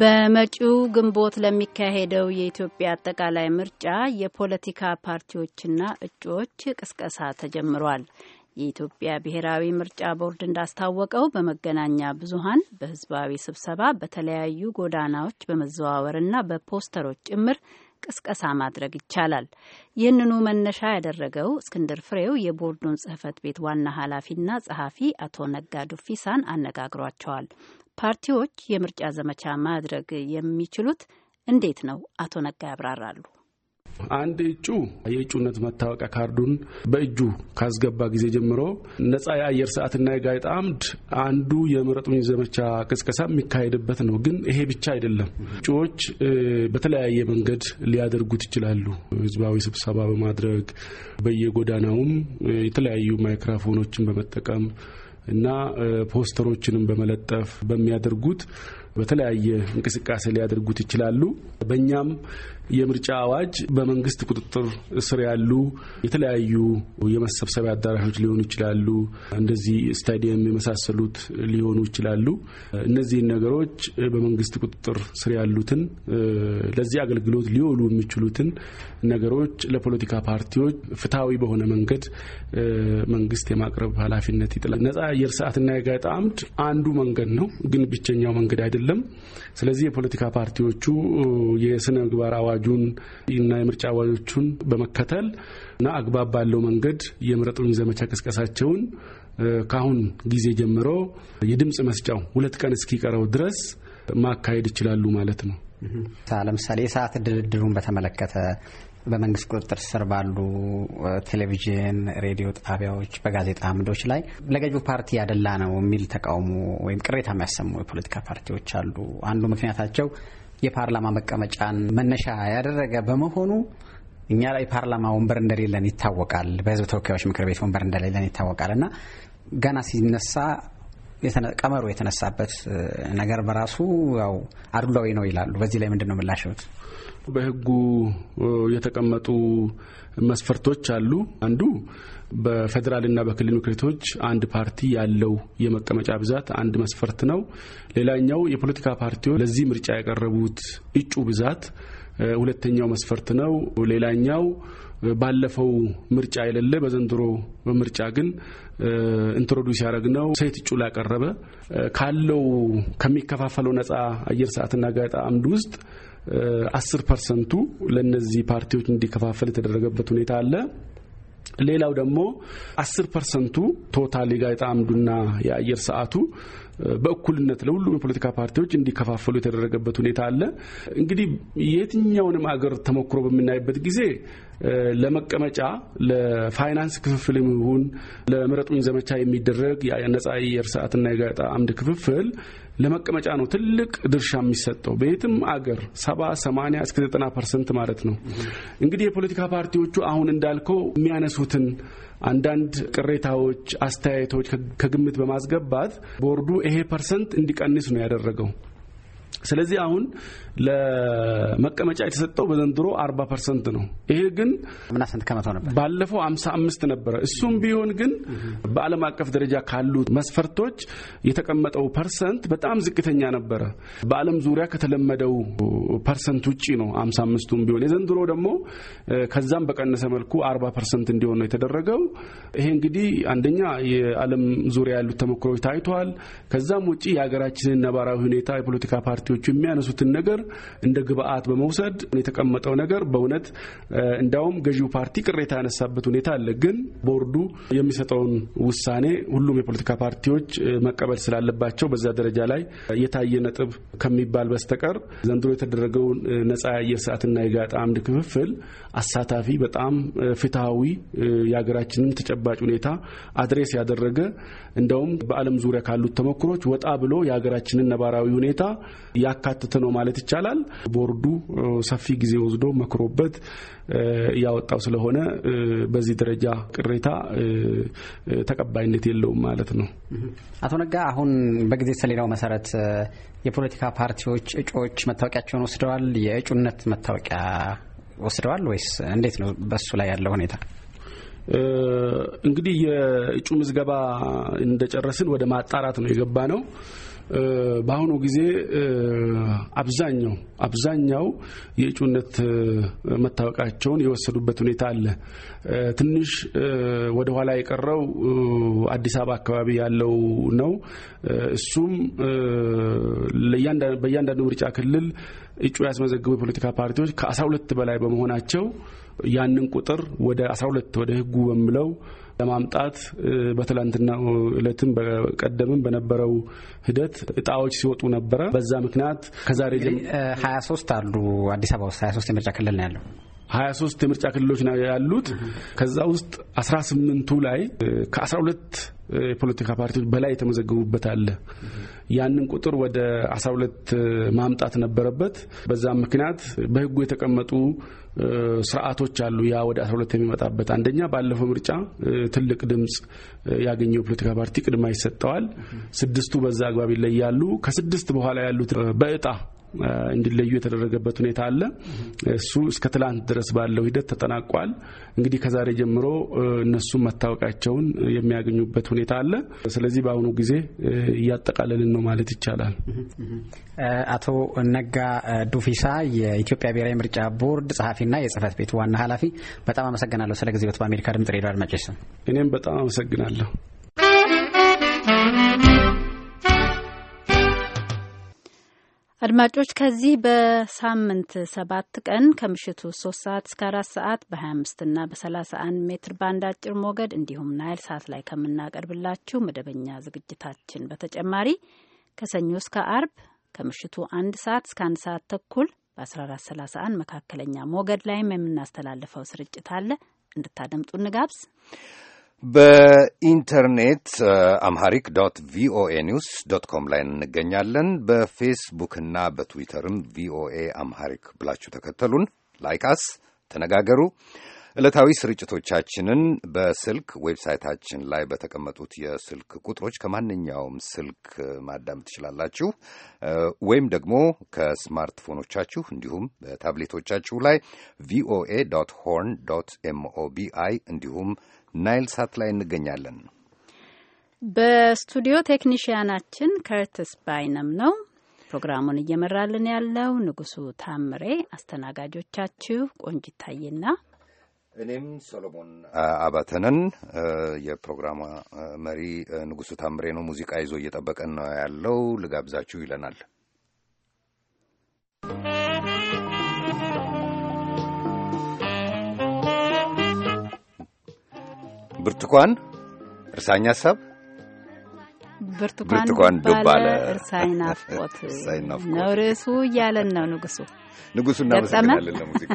በመጪው ግንቦት ለሚካሄደው የኢትዮጵያ አጠቃላይ ምርጫ የፖለቲካ ፓርቲዎችና እጩዎች ቅስቀሳ ተጀምሯል። የኢትዮጵያ ብሔራዊ ምርጫ ቦርድ እንዳስታወቀው በመገናኛ ብዙሃን፣ በህዝባዊ ስብሰባ በተለያዩ ጎዳናዎች በመዘዋወርና በፖስተሮች ጭምር ቅስቀሳ ማድረግ ይቻላል። ይህንኑ መነሻ ያደረገው እስክንድር ፍሬው የቦርዱን ጽህፈት ቤት ዋና ኃላፊና ጸሐፊ አቶ ነጋ ዱፊሳን አነጋግሯቸዋል። ፓርቲዎች የምርጫ ዘመቻ ማድረግ የሚችሉት እንዴት ነው? አቶ ነጋ ያብራራሉ።
አንድ እጩ የእጩነት መታወቂያ ካርዱን በእጁ ካስገባ ጊዜ ጀምሮ ነጻ የአየር ሰዓትና የጋዜጣ አምድ አንዱ የምረጡኝ ዘመቻ ቅስቀሳ የሚካሄድበት ነው። ግን ይሄ ብቻ አይደለም። እጩዎች በተለያየ መንገድ ሊያደርጉት ይችላሉ። ህዝባዊ ስብሰባ በማድረግ በየጎዳናውም የተለያዩ ማይክራፎኖችን በመጠቀም እና ፖስተሮችንም በመለጠፍ በሚያደርጉት በተለያየ እንቅስቃሴ ሊያደርጉት ይችላሉ። በእኛም የምርጫ አዋጅ በመንግስት ቁጥጥር ስር ያሉ የተለያዩ የመሰብሰቢያ አዳራሾች ሊሆኑ ይችላሉ፣ እንደዚህ ስታዲየም የመሳሰሉት ሊሆኑ ይችላሉ። እነዚህን ነገሮች በመንግስት ቁጥጥር ስር ያሉትን ለዚህ አገልግሎት ሊውሉ የሚችሉትን ነገሮች ለፖለቲካ ፓርቲዎች ፍትሐዊ በሆነ መንገድ መንግስት የማቅረብ ኃላፊነት ይጥላል። ነጻ አየር ሰዓትና አምድ አንዱ መንገድ ነው፣ ግን ብቸኛው መንገድ አይደለም። አይደለም። ስለዚህ የፖለቲካ ፓርቲዎቹ የስነ ምግባር አዋጁን እና የምርጫ አዋጆቹን በመከተል እና አግባብ ባለው መንገድ የምረጡኝ ዘመቻ ቅስቀሳቸውን ከአሁን ጊዜ ጀምሮ የድምፅ መስጫው ሁለት ቀን እስኪቀረው ድረስ ማካሄድ ይችላሉ ማለት ነው። ለምሳሌ የሰዓት ድርድሩን በተመለከተ
በመንግስት ቁጥጥር ስር ባሉ ቴሌቪዥን፣ ሬዲዮ ጣቢያዎች፣ በጋዜጣ አምዶች ላይ ለገዢው ፓርቲ ያደላ ነው የሚል ተቃውሞ ወይም ቅሬታ የሚያሰሙ የፖለቲካ ፓርቲዎች አሉ። አንዱ ምክንያታቸው የፓርላማ መቀመጫን መነሻ ያደረገ በመሆኑ እኛ ላይ የፓርላማ ወንበር እንደሌለን ይታወቃል፣ በህዝብ ተወካዮች ምክር ቤት ወንበር እንደሌለን ይታወቃል እና ገና ሲነሳ ቀመሩ የተነሳበት ነገር በራሱ
ያው አድሏዊ ነው ይላሉ። በዚህ ላይ ምንድን ነው ምላሽዎት? በህጉ የተቀመጡ መስፈርቶች አሉ። አንዱ በፌዴራልና በክልል ምክር ቤቶች አንድ ፓርቲ ያለው የመቀመጫ ብዛት አንድ መስፈርት ነው። ሌላኛው የፖለቲካ ፓርቲዎች ለዚህ ምርጫ ያቀረቡት እጩ ብዛት ሁለተኛው መስፈርት ነው። ሌላኛው ባለፈው ምርጫ የሌለ በዘንድሮ ምርጫ ግን ኢንትሮዱስ ያደረግ ነው ሴት እጩ ላቀረበ ካለው ከሚከፋፈለው ነጻ አየር ሰዓትና ጋዜጣ አምድ ውስጥ አስር ፐርሰንቱ ለእነዚህ ፓርቲዎች እንዲከፋፈል የተደረገበት ሁኔታ አለ። ሌላው ደግሞ አስር ፐርሰንቱ ቶታል የጋዜጣ አምዱና የአየር ሰዓቱ በእኩልነት ለሁሉም የፖለቲካ ፓርቲዎች እንዲከፋፈሉ የተደረገበት ሁኔታ አለ። እንግዲህ የትኛውንም አገር ተሞክሮ በምናይበት ጊዜ ለመቀመጫ ለፋይናንስ ክፍፍል ይሁን ለምረጡኝ ዘመቻ የሚደረግ የነጻ የአየር ሰዓትና የጋዜጣ አምድ ክፍፍል ለመቀመጫ ነው ትልቅ ድርሻ የሚሰጠው በየትም አገር ሰባ ሰማኒያ እስከ ዘጠና ፐርሰንት ማለት ነው። እንግዲህ የፖለቲካ ፓርቲዎቹ አሁን እንዳልከው የሚያነሱትን አንዳንድ ቅሬታዎች፣ አስተያየቶች ከግምት በማስገባት ቦርዱ ይሄ ፐርሰንት እንዲቀንስ ነው ያደረገው። ስለዚህ አሁን ለመቀመጫ የተሰጠው በዘንድሮ አርባ ፐርሰንት ነው። ይሄ ግን ምና ከመቶ ነበር? ባለፈው አምሳ አምስት ነበረ። እሱም ቢሆን ግን በዓለም አቀፍ ደረጃ ካሉ መስፈርቶች የተቀመጠው ፐርሰንት በጣም ዝቅተኛ ነበረ። በዓለም ዙሪያ ከተለመደው ፐርሰንት ውጪ ነው አምሳ አምስቱም ቢሆን። የዘንድሮ ደግሞ ከዛም በቀነሰ መልኩ አርባ ፐርሰንት እንዲሆን ነው የተደረገው። ይሄ እንግዲህ አንደኛ የዓለም ዙሪያ ያሉት ተሞክሮች ታይተዋል። ከዛም ውጪ የሀገራችንን ነባራዊ ሁኔታ የፖለቲካ ፓርቲ ፓርቲዎቹ የሚያነሱትን ነገር እንደ ግብአት በመውሰድ የተቀመጠው ነገር በእውነት እንዲያውም ገዢው ፓርቲ ቅሬታ ያነሳበት ሁኔታ አለ። ግን ቦርዱ የሚሰጠውን ውሳኔ ሁሉም የፖለቲካ ፓርቲዎች መቀበል ስላለባቸው በዛ ደረጃ ላይ የታየ ነጥብ ከሚባል በስተቀር ዘንድሮ የተደረገውን ነጻ የአየር ሰዓትና የጋጥ አምድ ክፍፍል አሳታፊ፣ በጣም ፍትሐዊ የሀገራችንን ተጨባጭ ሁኔታ አድሬስ ያደረገ እንደውም በዓለም ዙሪያ ካሉት ተሞክሮች ወጣ ብሎ የሀገራችንን ነባራዊ ሁኔታ ያካተተ ነው ማለት ይቻላል። ቦርዱ ሰፊ ጊዜ ወስዶ መክሮበት ያወጣው ስለሆነ በዚህ ደረጃ ቅሬታ ተቀባይነት የለውም ማለት ነው።
አቶ ነጋ አሁን በጊዜ ሰሌዳው መሰረት የፖለቲካ ፓርቲዎች እጩዎች መታወቂያቸውን ወስደዋል። የእጩነት መታወቂያ ወስደዋል ወይስ እንዴት ነው? በሱ ላይ ያለው ሁኔታ
እንግዲህ የእጩ ምዝገባ እንደጨረስን ወደ ማጣራት ነው የገባ ነው። በአሁኑ ጊዜ አብዛኛው አብዛኛው የእጩነት መታወቃቸውን የወሰዱበት ሁኔታ አለ። ትንሽ ወደ ኋላ የቀረው አዲስ አበባ አካባቢ ያለው ነው። እሱም በእያንዳንዱ ምርጫ ክልል እጩ ያስመዘገቡ የፖለቲካ ፓርቲዎች ከአስራ ሁለት በላይ በመሆናቸው ያንን ቁጥር ወደ 12 ወደ ህጉ በምለው ለማምጣት በትላንትና እለትም በቀደምም በነበረው ሂደት እጣዎች ሲወጡ ነበረ። በዛ ምክንያት ከዛሬ ጀ 23 አሉ
አዲስ አበባ ውስጥ 23 የምርጫ ክልል ነው ያለው።
23 የምርጫ ክልሎች ነው ያሉት። ከዛ ውስጥ 18ቱ ላይ ከ12 የፖለቲካ ፓርቲዎች በላይ የተመዘገቡበት አለ። ያንን ቁጥር ወደ 12 ማምጣት ነበረበት። በዛም ምክንያት በህጉ የተቀመጡ ስርዓቶች አሉ። ያ ወደ 12 የሚመጣበት አንደኛ ባለፈው ምርጫ ትልቅ ድምፅ ያገኘው የፖለቲካ ፓርቲ ቅድማ ይሰጠዋል። ስድስቱ በዛ አግባብ ይለያሉ። ከስድስት በኋላ ያሉት በእጣ እንዲለዩ የተደረገበት ሁኔታ አለ። እሱ እስከ ትላንት ድረስ ባለው ሂደት ተጠናቋል። እንግዲህ ከዛሬ ጀምሮ እነሱም መታወቂያቸውን የሚያገኙበት ሁኔታ አለ። ስለዚህ በአሁኑ ጊዜ እያጠቃለልን ነው ማለት ይቻላል።
አቶ ነጋ ዱፊሳ የኢትዮጵያ ብሔራዊ ምርጫ ቦርድ ጸሐፊና የጽህፈት ቤቱ ዋና ኃላፊ፣ በጣም አመሰግናለሁ ስለ ጊዜዎት በአሜሪካ ድምጽ ሬዲዮ አድማጮች ስም
እኔም በጣም አመሰግናለሁ።
አድማጮች ከዚህ በሳምንት ሰባት ቀን ከምሽቱ ሶስት ሰዓት እስከ አራት ሰዓት በሀያ አምስት ና በሰላሳ አንድ ሜትር ባንድ አጭር ሞገድ እንዲሁም ናይል ሳት ላይ ከምናቀርብላችሁ መደበኛ ዝግጅታችን በተጨማሪ ከሰኞ እስከ አርብ ከምሽቱ አንድ ሰዓት እስከ አንድ ሰዓት ተኩል በ1431 መካከለኛ ሞገድ ላይም የምናስተላልፈው ስርጭት አለ። እንድታደምጡ እንጋብዝ።
በኢንተርኔት አምሃሪክ ዶት ቪኦኤ ኒውስ ዶት ኮም ላይ እንገኛለን። በፌስቡክና በትዊተርም ቪኦኤ አምሃሪክ ብላችሁ ተከተሉን፣ ላይካስ፣ ተነጋገሩ። ዕለታዊ ስርጭቶቻችንን በስልክ ዌብሳይታችን ላይ በተቀመጡት የስልክ ቁጥሮች ከማንኛውም ስልክ ማዳመጥ ትችላላችሁ። ወይም ደግሞ ከስማርትፎኖቻችሁ እንዲሁም በታብሌቶቻችሁ ላይ ቪኦኤ ዶት ሆርን ዶት ኤምኦቢአይ እንዲሁም ናይል ሳት ላይ እንገኛለን።
በስቱዲዮ ቴክኒሽያናችን ከርትስ ባይነም ነው ፕሮግራሙን እየመራልን ያለው ንጉሱ ታምሬ፣ አስተናጋጆቻችሁ ቆንጅ ታዬና
እኔም ሶሎሞን አባተንን። የፕሮግራሙ መሪ ንጉሱ ታምሬ ነው። ሙዚቃ ይዞ እየጠበቀን ነው ያለው። ልጋብዛችሁ ይለናል። ብርቱካን እርሳኝ ሀሳብ
ብርቱካን ዱባለ እርሳኝ ናፍቆት ነው ርዕሱ እያለን ነው ንጉሱ
ንጉሱ እናመሰግናለን ለሙዚቃ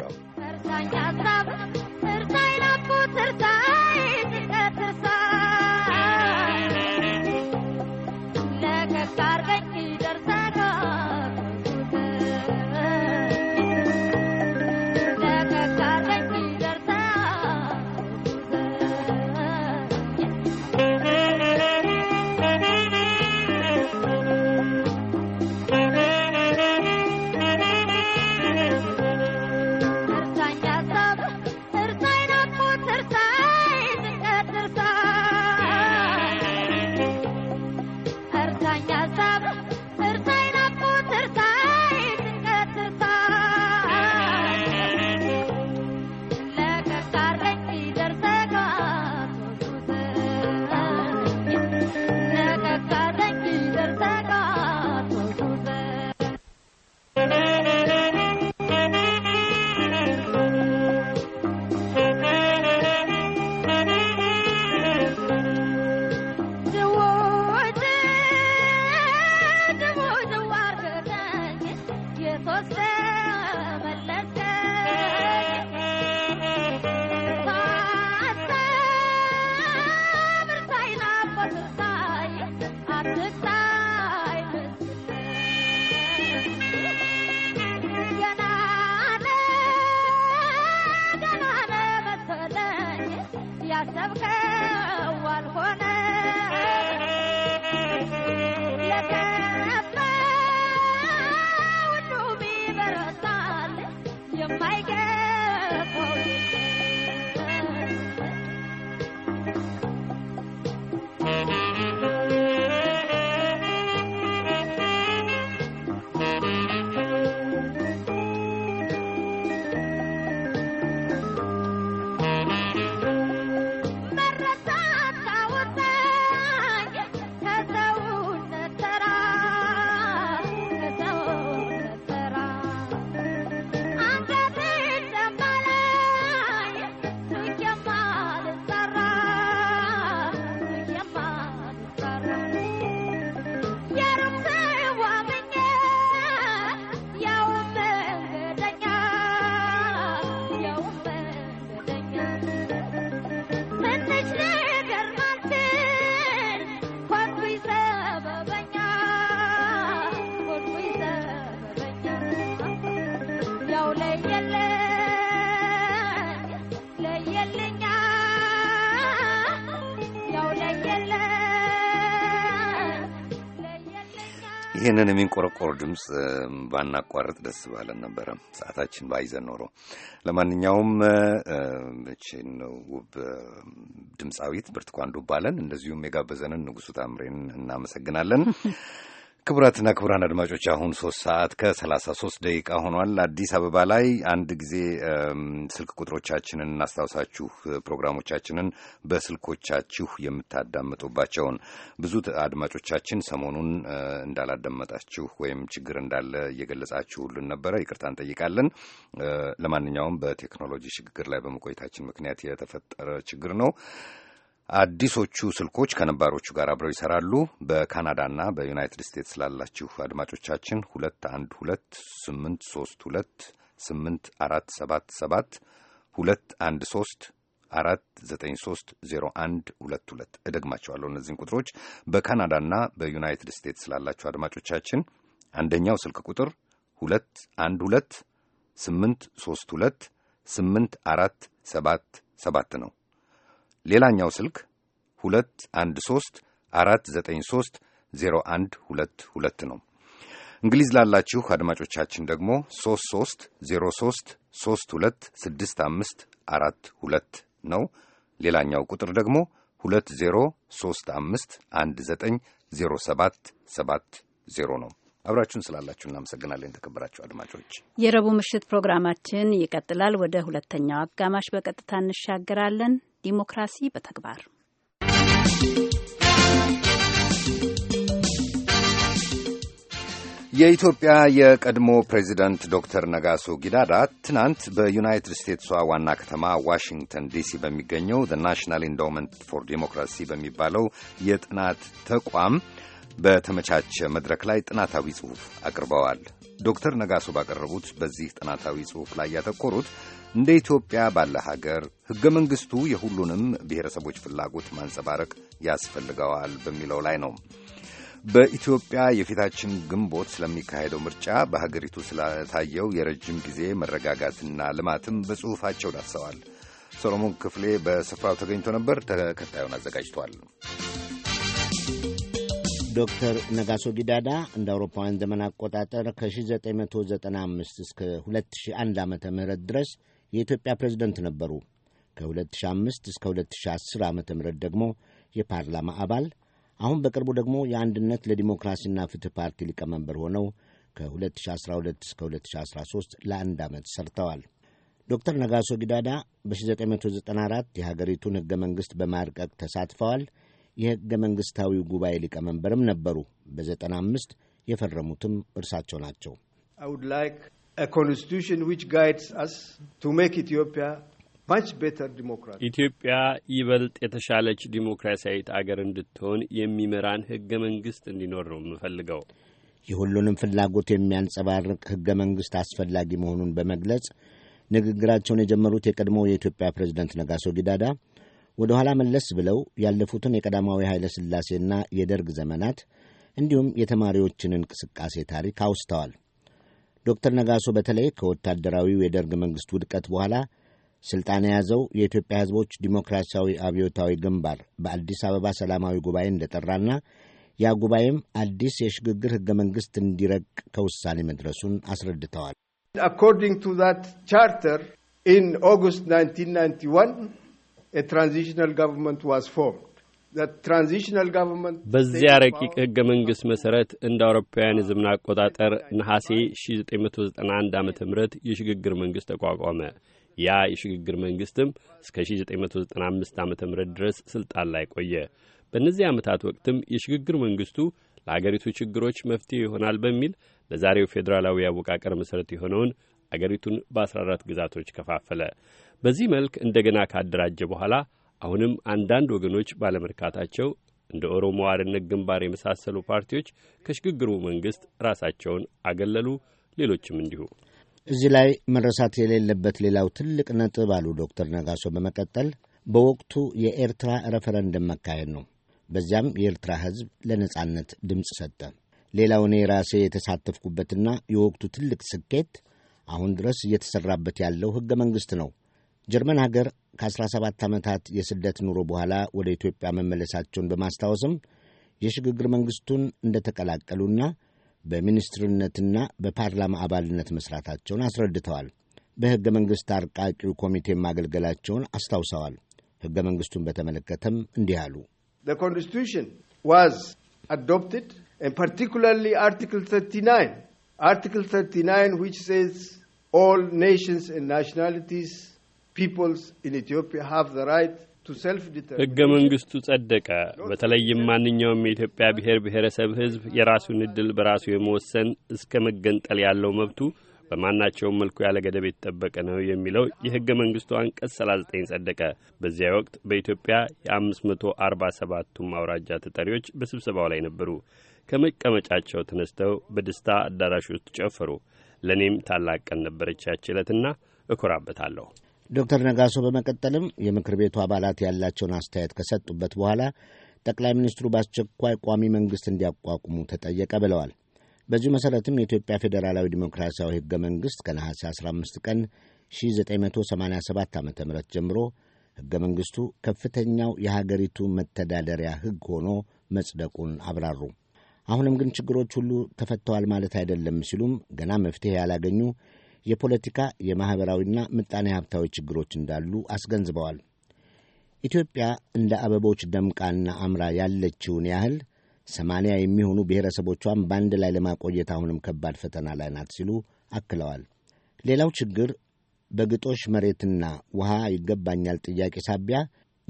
ይህንን የሚንቆረቆር ድምፅ ባናቋርጥ ደስ ባለን ነበረ፣ ሰዓታችን ባይዘን ኖሮ። ለማንኛውም እችን ውብ ድምፃዊት ብርቱካን ዱባለን እንደዚሁም የጋበዘንን ንጉሱ ታምሬን እናመሰግናለን። ክቡራትና ክቡራን አድማጮች አሁን ሶስት ሰዓት ከሰላሳ ሶስት ደቂቃ ሆኗል። አዲስ አበባ ላይ አንድ ጊዜ ስልክ ቁጥሮቻችንን እናስታውሳችሁ። ፕሮግራሞቻችንን በስልኮቻችሁ የምታዳምጡባቸውን ብዙ አድማጮቻችን ሰሞኑን እንዳላዳመጣችሁ ወይም ችግር እንዳለ እየገለጻችሁልን ነበረ። ይቅርታ እንጠይቃለን። ለማንኛውም በቴክኖሎጂ ሽግግር ላይ በመቆየታችን ምክንያት የተፈጠረ ችግር ነው። አዲሶቹ ስልኮች ከነባሮቹ ጋር አብረው ይሰራሉ። በካናዳና በዩናይትድ ስቴትስ ላላችሁ አድማጮቻችን ሁለት አንድ ሁለት ስምንት ሶስት ሁለት ስምንት አራት ሰባት ሰባት ሁለት አንድ ሶስት አራት ዘጠኝ ሶስት ዜሮ አንድ ሁለት ሁለት እደግማቸዋለሁ። እነዚህን ቁጥሮች በካናዳና በዩናይትድ ስቴትስ ላላችሁ አድማጮቻችን አንደኛው ስልክ ቁጥር ሁለት አንድ ሁለት ስምንት ሶስት ሁለት ስምንት አራት ሰባት ሰባት ነው። ሌላኛው ስልክ 213 493 0122 ነው። እንግሊዝ ላላችሁ አድማጮቻችን ደግሞ 33 03 32 65 42 ነው። ሌላኛው ቁጥር ደግሞ 2035 70 ነው። አብራችሁን ስላላችሁ እናመሰግናለን። የተከበራችሁ አድማጮች
የረቡዕ ምሽት ፕሮግራማችን ይቀጥላል። ወደ ሁለተኛው አጋማሽ በቀጥታ እንሻገራለን። ዲሞክራሲ በተግባር
የኢትዮጵያ የቀድሞ ፕሬዚደንት ዶክተር ነጋሶ ጊዳዳ ትናንት በዩናይትድ ስቴትሷ ዋና ከተማ ዋሽንግተን ዲሲ በሚገኘው ዘ ናሽናል ኢንዶመንት ፎር ዲሞክራሲ በሚባለው የጥናት ተቋም በተመቻቸ መድረክ ላይ ጥናታዊ ጽሑፍ አቅርበዋል። ዶክተር ነጋሶ ባቀረቡት በዚህ ጥናታዊ ጽሑፍ ላይ ያተኮሩት እንደ ኢትዮጵያ ባለ ሀገር ሕገ መንግሥቱ የሁሉንም ብሔረሰቦች ፍላጎት ማንጸባረቅ ያስፈልገዋል በሚለው ላይ ነው። በኢትዮጵያ የፊታችን ግንቦት ስለሚካሄደው ምርጫ በሀገሪቱ ስለታየው የረጅም ጊዜ መረጋጋትና ልማትም በጽሑፋቸው ዳሰዋል። ሰሎሞን ክፍሌ በስፍራው ተገኝቶ ነበር። ተከታዩን አዘጋጅቷል።
ዶክተር ነጋሶ ጊዳዳ እንደ አውሮፓውያን ዘመን አቆጣጠር ከ1995 እስከ 2001 ዓ ም ድረስ የኢትዮጵያ ፕሬዝደንት ነበሩ። ከ2005 እስከ 2010 ዓ ም ደግሞ የፓርላማ አባል፣ አሁን በቅርቡ ደግሞ የአንድነት ለዲሞክራሲና ፍትህ ፓርቲ ሊቀመንበር ሆነው ከ2012 እስከ 2013 ለአንድ ዓመት ሰርተዋል። ዶክተር ነጋሶ ጊዳዳ በ1994 የሀገሪቱን ሕገ መንግሥት በማርቀቅ ተሳትፈዋል። የሕገ መንግሥታዊው ጉባኤ ሊቀመንበርም ነበሩ። በ95 የፈረሙትም እርሳቸው ናቸው።
ኢትዮጵያ ይበልጥ የተሻለች ዲሞክራሲያዊት አገር እንድትሆን የሚመራን ህገ መንግስት እንዲኖር ነው የምፈልገው።
የሁሉንም ፍላጎት የሚያንጸባርቅ ህገ መንግስት አስፈላጊ መሆኑን በመግለጽ ንግግራቸውን የጀመሩት የቀድሞው የኢትዮጵያ ፕሬዝደንት ነጋሶ ጊዳዳ ወደ ኋላ መለስ ብለው ያለፉትን የቀዳማዊ ኃይለ ሥላሴና የደርግ ዘመናት እንዲሁም የተማሪዎችን እንቅስቃሴ ታሪክ አውስተዋል። ዶክተር ነጋሶ በተለይ ከወታደራዊው የደርግ መንግሥት ውድቀት በኋላ ሥልጣን የያዘው የኢትዮጵያ ሕዝቦች ዲሞክራሲያዊ አብዮታዊ ግንባር በአዲስ አበባ ሰላማዊ ጉባኤ እንደጠራና ያ ጉባኤም አዲስ የሽግግር ሕገ መንግሥት እንዲረቅ ከውሳኔ መድረሱን አስረድተዋል።
አኮርዲንግ ቱ ዛት ቻርተር ኢን ኦገስት 1991 ኤ ትራንዚሽናል ጋቨርንመንት ዋስ ፎርምድ በዚያ
ረቂቅ ህገ መንግሥት መሠረት እንደ አውሮፓውያን የዘመን አቆጣጠር ነሐሴ 1991 ዓ ም የሽግግር መንግሥት ተቋቋመ። ያ የሽግግር መንግሥትም እስከ 1995 ዓ ም ድረስ ስልጣን ላይ ቆየ። በእነዚህ ዓመታት ወቅትም የሽግግር መንግሥቱ ለአገሪቱ ችግሮች መፍትሄ ይሆናል በሚል ለዛሬው ፌዴራላዊ አወቃቀር መሠረት የሆነውን አገሪቱን በ14 ግዛቶች ከፋፈለ። በዚህ መልክ እንደገና ካደራጀ በኋላ አሁንም አንዳንድ ወገኖች ባለመርካታቸው እንደ ኦሮሞ አርነት ግንባር የመሳሰሉ ፓርቲዎች ከሽግግሩ መንግስት ራሳቸውን አገለሉ። ሌሎችም እንዲሁ።
እዚህ ላይ መረሳት የሌለበት ሌላው ትልቅ ነጥብ አሉ ዶክተር ነጋሶ በመቀጠል በወቅቱ የኤርትራ ሬፈረንደም መካሄድ ነው። በዚያም የኤርትራ ሕዝብ ለነጻነት ድምፅ ሰጠ። ሌላው እኔ ራሴ የተሳተፍኩበትና የወቅቱ ትልቅ ስኬት አሁን ድረስ እየተሠራበት ያለው ሕገ መንግሥት ነው። ጀርመን ሀገር ከ17 ዓመታት የስደት ኑሮ በኋላ ወደ ኢትዮጵያ መመለሳቸውን በማስታወስም የሽግግር መንግሥቱን ተቀላቀሉና በሚኒስትርነትና በፓርላማ አባልነት መሥራታቸውን አስረድተዋል። በሕገ መንግሥት አርቃቂው ኮሚቴ ማገልገላቸውን አስታውሰዋል። ሕገ መንግሥቱን በተመለከተም እንዲህ አሉ።
ኮንስቲቱሽን ዋዝ አዶፕትድ ፓርቲኩላርሊ አርቲክል 39 አርቲክል 39 ዊች ሴዝ ኦል ኔሽንስ ኤንድ ናሽናሊቲስ ሕገ
መንግስቱ ጸደቀ። በተለይም ማንኛውም የኢትዮጵያ ብሔር ብሔረሰብ ህዝብ የራሱን እድል በራሱ የመወሰን እስከ መገንጠል ያለው መብቱ በማናቸውም መልኩ ያለ ገደብ የተጠበቀ ነው የሚለው የሕገ መንግስቱ አንቀጽ 39 ጸደቀ። በዚያ ወቅት በኢትዮጵያ የ547ቱም አውራጃ ተጠሪዎች በስብሰባው ላይ ነበሩ። ከመቀመጫቸው ተነስተው በደስታ አዳራሽ ውስጥ ጨፈሩ። ለእኔም ታላቅ ቀን ነበረች ያች ዕለትና እኮራበታለሁ።
ዶክተር ነጋሶ በመቀጠልም የምክር ቤቱ አባላት ያላቸውን አስተያየት ከሰጡበት በኋላ ጠቅላይ ሚኒስትሩ በአስቸኳይ ቋሚ መንግሥት እንዲያቋቁሙ ተጠየቀ ብለዋል። በዚሁ መሠረትም የኢትዮጵያ ፌዴራላዊ ዲሞክራሲያዊ ሕገ መንግሥት ከነሐሴ 15 ቀን 1987 ዓ ም ጀምሮ ሕገ መንግሥቱ ከፍተኛው የሀገሪቱ መተዳደሪያ ሕግ ሆኖ መጽደቁን አብራሩ። አሁንም ግን ችግሮች ሁሉ ተፈተዋል ማለት አይደለም ሲሉም ገና መፍትሔ ያላገኙ የፖለቲካ የማኅበራዊና ምጣኔ ሀብታዊ ችግሮች እንዳሉ አስገንዝበዋል። ኢትዮጵያ እንደ አበቦች ደምቃና አምራ ያለችውን ያህል ሰማንያ የሚሆኑ ብሔረሰቦቿን በአንድ ላይ ለማቆየት አሁንም ከባድ ፈተና ላይ ናት ሲሉ አክለዋል። ሌላው ችግር በግጦሽ መሬትና ውሃ ይገባኛል ጥያቄ ሳቢያ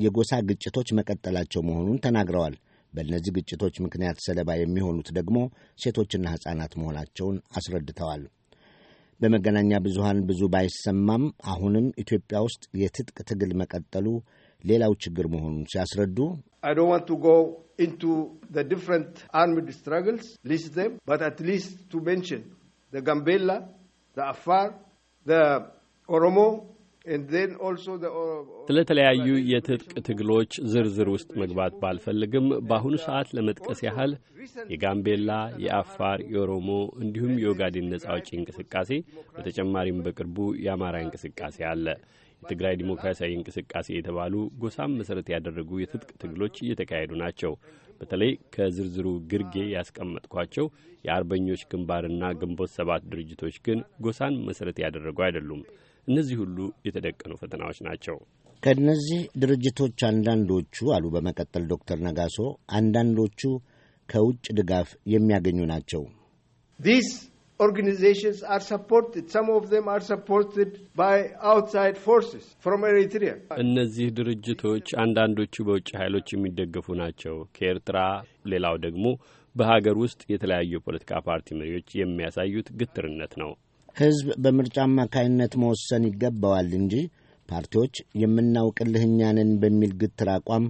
የጎሳ ግጭቶች መቀጠላቸው መሆኑን ተናግረዋል። በእነዚህ ግጭቶች ምክንያት ሰለባ የሚሆኑት ደግሞ ሴቶችና ሕፃናት መሆናቸውን አስረድተዋል። በመገናኛ ብዙሃን ብዙ ባይሰማም አሁንም ኢትዮጵያ ውስጥ የትጥቅ ትግል መቀጠሉ ሌላው ችግር መሆኑን ሲያስረዱ
ጋምቤላ፣ አፋር፣ ኦሮሞ Uh, uh,
ስለተለያዩ የትጥቅ ትግሎች ዝርዝር ውስጥ መግባት ባልፈልግም በአሁኑ uh, ሰዓት ለመጥቀስ ያህል የጋምቤላ፣ የአፋር፣ የኦሮሞ እንዲሁም የኦጋዴን ነጻ አውጪ እንቅስቃሴ በተጨማሪም በቅርቡ የአማራ እንቅስቃሴ አለ። የትግራይ ዲሞክራሲያዊ እንቅስቃሴ የተባሉ ጎሳም መሰረት ያደረጉ የትጥቅ ትግሎች እየተካሄዱ ናቸው። በተለይ ከዝርዝሩ ግርጌ ያስቀመጥኳቸው የአርበኞች ግንባርና ግንቦት ሰባት ድርጅቶች ግን ጎሳን መሰረት ያደረጉ አይደሉም። እነዚህ ሁሉ የተደቀኑ ፈተናዎች ናቸው።
ከእነዚህ ድርጅቶች አንዳንዶቹ አሉ በመቀጠል ዶክተር ነጋሶ አንዳንዶቹ ከውጭ ድጋፍ የሚያገኙ ናቸው። ዚስ
ኦርጋናይዜሽንስ አር ሰፖርትድ ሰም ኦፍ ዘም አር ሰፖርትድ ባይ አውትሳይድ ፎርስስ ፍሮም ኤሪትሪያ።
እነዚህ ድርጅቶች አንዳንዶቹ በውጭ ኃይሎች የሚደገፉ ናቸው ከኤርትራ፣ ሌላው ደግሞ በሀገር ውስጥ የተለያዩ የፖለቲካ ፓርቲ መሪዎች የሚያሳዩት ግትርነት ነው።
ሕዝብ በምርጫ አማካይነት መወሰን ይገባዋል እንጂ ፓርቲዎች የምናውቅልህኛንን በሚል ግትር አቋም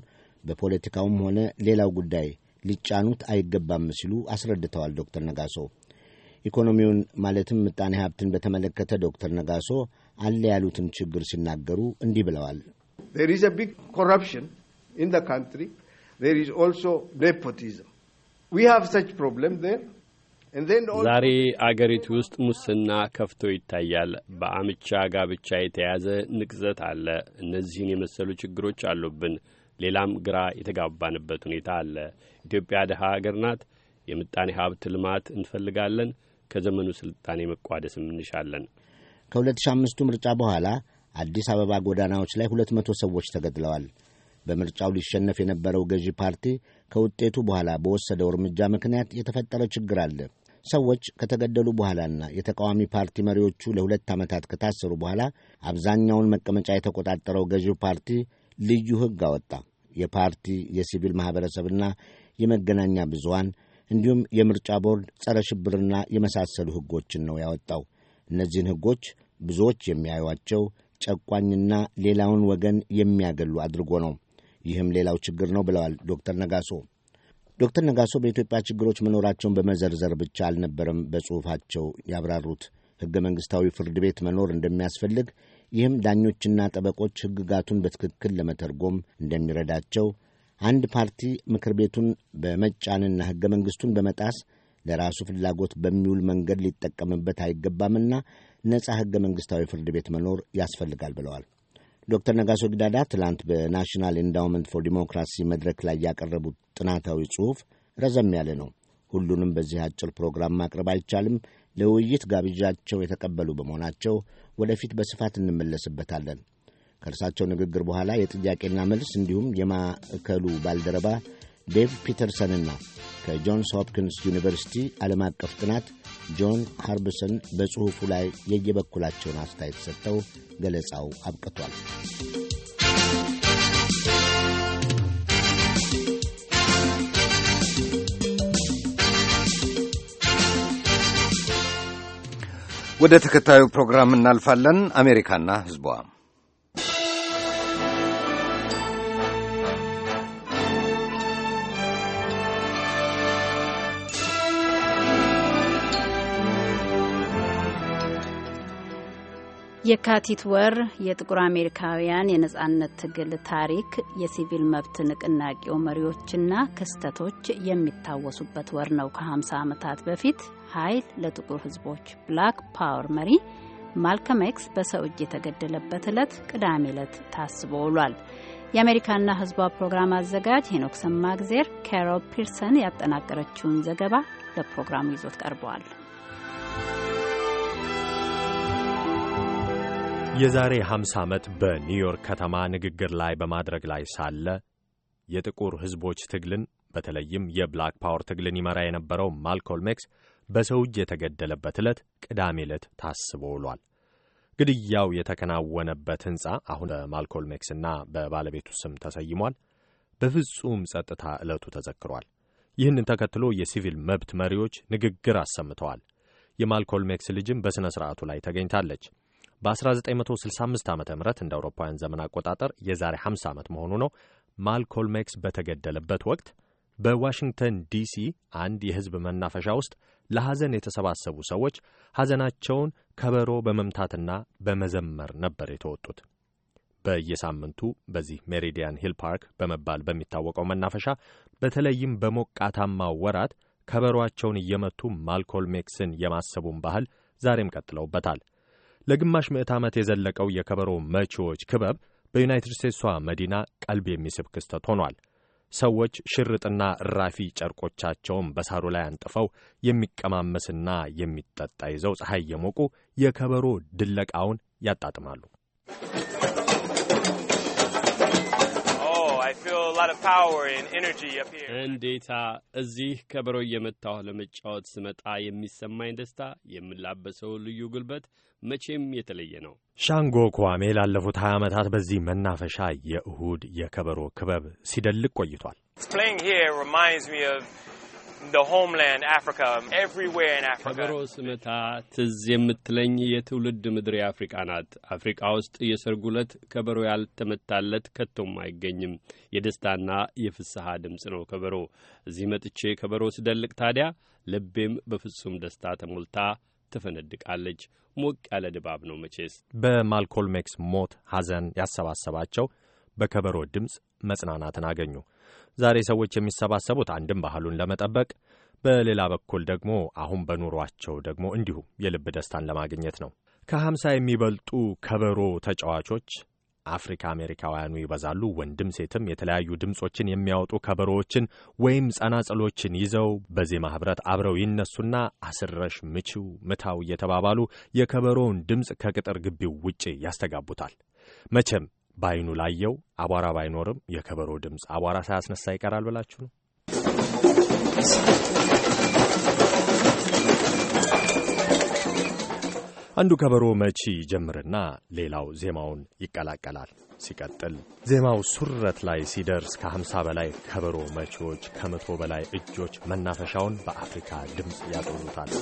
በፖለቲካውም ሆነ ሌላው ጉዳይ ሊጫኑት አይገባም ሲሉ አስረድተዋል ዶክተር ነጋሶ። ኢኮኖሚውን ማለትም ምጣኔ ሀብትን በተመለከተ ዶክተር ነጋሶ አለ ያሉትን ችግር ሲናገሩ እንዲህ ብለዋል።
ቢግ ኮረፕሽን ኢን ካንትሪ ኦልሶ
ኔፖቲዝም
ዊ ሃቭ ሰች ፕሮብለም ዜር ዛሬ
አገሪቱ ውስጥ ሙስና ከፍቶ ይታያል። በአምቻ ጋብቻ የተያዘ ንቅዘት አለ። እነዚህን የመሰሉ ችግሮች አሉብን። ሌላም ግራ የተጋባንበት ሁኔታ አለ። ኢትዮጵያ ድሃ አገር ናት። የምጣኔ ሀብት ልማት እንፈልጋለን። ከዘመኑ ስልጣኔ መቋደስም እንሻለን።
ከ2005ቱ ምርጫ በኋላ አዲስ አበባ ጎዳናዎች ላይ ሁለት መቶ ሰዎች ተገድለዋል። በምርጫው ሊሸነፍ የነበረው ገዢ ፓርቲ ከውጤቱ በኋላ በወሰደው እርምጃ ምክንያት የተፈጠረ ችግር አለ። ሰዎች ከተገደሉ በኋላና የተቃዋሚ ፓርቲ መሪዎቹ ለሁለት ዓመታት ከታሰሩ በኋላ አብዛኛውን መቀመጫ የተቆጣጠረው ገዢው ፓርቲ ልዩ ሕግ አወጣ። የፓርቲ የሲቪል ማኅበረሰብና የመገናኛ ብዙሃን እንዲሁም የምርጫ ቦርድ ጸረ ሽብርና የመሳሰሉ ሕጎችን ነው ያወጣው። እነዚህን ሕጎች ብዙዎች የሚያዩቸው ጨቋኝና ሌላውን ወገን የሚያገሉ አድርጎ ነው። ይህም ሌላው ችግር ነው ብለዋል ዶክተር ነጋሶ። ዶክተር ነጋሶ በኢትዮጵያ ችግሮች መኖራቸውን በመዘርዘር ብቻ አልነበረም በጽሑፋቸው ያብራሩት። ሕገ መንግሥታዊ ፍርድ ቤት መኖር እንደሚያስፈልግ፣ ይህም ዳኞችና ጠበቆች ሕግጋቱን በትክክል ለመተርጎም እንደሚረዳቸው፣ አንድ ፓርቲ ምክር ቤቱን በመጫንና ሕገ መንግሥቱን በመጣስ ለራሱ ፍላጎት በሚውል መንገድ ሊጠቀምበት አይገባምና ነጻ ሕገ መንግሥታዊ ፍርድ ቤት መኖር ያስፈልጋል ብለዋል። ዶክተር ነጋሶ ጊዳዳ ትላንት በናሽናል ኤንዳውመንት ፎር ዲሞክራሲ መድረክ ላይ ያቀረቡት ጥናታዊ ጽሑፍ ረዘም ያለ ነው። ሁሉንም በዚህ አጭር ፕሮግራም ማቅረብ አይቻልም። ለውይይት ጋብዣቸው የተቀበሉ በመሆናቸው ወደፊት በስፋት እንመለስበታለን። ከእርሳቸው ንግግር በኋላ የጥያቄና መልስ እንዲሁም የማዕከሉ ባልደረባ ዴቭ ፒተርሰንና ከጆንስ ሆፕኪንስ ዩኒቨርሲቲ ዓለም አቀፍ ጥናት ጆን ሃርብሰን በጽሑፉ ላይ የየበኩላቸውን አስተያየት ሰጥተው ገለጻው አብቅቷል።
ወደ ተከታዩ ፕሮግራም እናልፋለን። አሜሪካና ሕዝቧ
የካቲት ወር የጥቁር አሜሪካውያን የነጻነት ትግል ታሪክ የሲቪል መብት ንቅናቄው መሪዎችና ክስተቶች የሚታወሱበት ወር ነው። ከ50 ዓመታት በፊት ኃይል ለጥቁር ሕዝቦች ብላክ ፓወር መሪ ማልከም ኤክስ በሰው እጅ የተገደለበት ዕለት ቅዳሜ ዕለት ታስቦ ውሏል። የአሜሪካና ሕዝቧ ፕሮግራም አዘጋጅ ሄኖክ ሰማግዜር ካሮል ፒርሰን ያጠናቀረችውን ዘገባ ለፕሮግራሙ ይዞት ቀርበዋል።
የዛሬ 50 ዓመት በኒውዮርክ ከተማ ንግግር ላይ በማድረግ ላይ ሳለ የጥቁር ሕዝቦች ትግልን በተለይም የብላክ ፓወር ትግልን ይመራ የነበረው ማልኮልም ኤክስ በሰው እጅ የተገደለበት ዕለት ቅዳሜ ዕለት ታስቦ ውሏል። ግድያው የተከናወነበት ሕንፃ አሁን በማልኮልም ኤክስ እና በባለቤቱ ስም ተሰይሟል። በፍጹም ጸጥታ ዕለቱ ተዘክሯል። ይህንን ተከትሎ የሲቪል መብት መሪዎች ንግግር አሰምተዋል። የማልኮልም ኤክስ ልጅም በሥነ ሥርዓቱ ላይ ተገኝታለች። በ1965 ዓ ም እንደ አውሮፓውያን ዘመን አቆጣጠር የዛሬ 50 ዓመት መሆኑ ነው። ማልኮልም ኤክስ በተገደለበት ወቅት በዋሽንግተን ዲሲ አንድ የሕዝብ መናፈሻ ውስጥ ለሐዘን የተሰባሰቡ ሰዎች ሐዘናቸውን ከበሮ በመምታትና በመዘመር ነበር የተወጡት። በየሳምንቱ በዚህ ሜሪዲያን ሂል ፓርክ በመባል በሚታወቀው መናፈሻ በተለይም በሞቃታማው ወራት ከበሮአቸውን እየመቱ ማልኮልም ኤክስን የማሰቡን ባህል ዛሬም ቀጥለውበታል። ለግማሽ ምዕት ዓመት የዘለቀው የከበሮ መቺዎች ክበብ በዩናይትድ ስቴትሷ መዲና ቀልብ የሚስብ ክስተት ሆኗል። ሰዎች ሽርጥና ራፊ ጨርቆቻቸውን በሳሩ ላይ አንጥፈው የሚቀማመስና የሚጠጣ ይዘው ፀሐይ የሞቁ የከበሮ ድለቃውን ያጣጥማሉ።
እንዴታ! እዚህ ከበሮ እየመታሁ ለመጫወት ስመጣ የሚሰማኝ ደስታ፣ የምላበሰው ልዩ ጉልበት መቼም የተለየ ነው።
ሻንጎ ኳሜ ላለፉት 20 ዓመታት በዚህ መናፈሻ የእሁድ የከበሮ ክበብ ሲደልቅ ቆይቷል።
ከበሮ ስመታ ትዝ የምትለኝ የትውልድ ምድሬ አፍሪቃ ናት። አፍሪቃ ውስጥ የሰርጉ ዕለት ከበሮ ያልተመታለት ከቶም አይገኝም። የደስታና የፍስሐ ድምፅ ነው ከበሮ። እዚህ መጥቼ ከበሮ ስደልቅ ታዲያ ልቤም በፍጹም ደስታ ተሞልታ ትፈነድቃለች። ሞቅ ያለ ድባብ ነው መቼስ።
በማልኮልሜክስ ሞት ሐዘን ያሰባሰባቸው በከበሮ ድምፅ መጽናናትን አገኙ። ዛሬ ሰዎች የሚሰባሰቡት አንድም ባህሉን ለመጠበቅ፣ በሌላ በኩል ደግሞ አሁን በኑሯቸው ደግሞ እንዲሁ የልብ ደስታን ለማግኘት ነው። ከሀምሳ የሚበልጡ ከበሮ ተጫዋቾች አፍሪካ አሜሪካውያኑ ይበዛሉ። ወንድም ሴትም የተለያዩ ድምፆችን የሚያወጡ ከበሮዎችን ወይም ጸናጽሎችን ይዘው በዜማ ኅብረት አብረው ይነሱና አስረሽ፣ ምችው፣ ምታው እየተባባሉ የከበሮውን ድምፅ ከቅጥር ግቢው ውጪ ያስተጋቡታል። መቼም በአይኑ ላየው አቧራ ባይኖርም የከበሮ ድምፅ አቧራ ሳያስነሳ ይቀራል ብላችሁ ነው? አንዱ ከበሮ መቺ ይጀምርና ሌላው ዜማውን ይቀላቀላል። ሲቀጥል ዜማው ሱረት ላይ ሲደርስ ከሀምሳ በላይ ከበሮ መቺዎች፣ ከመቶ በላይ እጆች መናፈሻውን በአፍሪካ ድምፅ ያጦሉታል።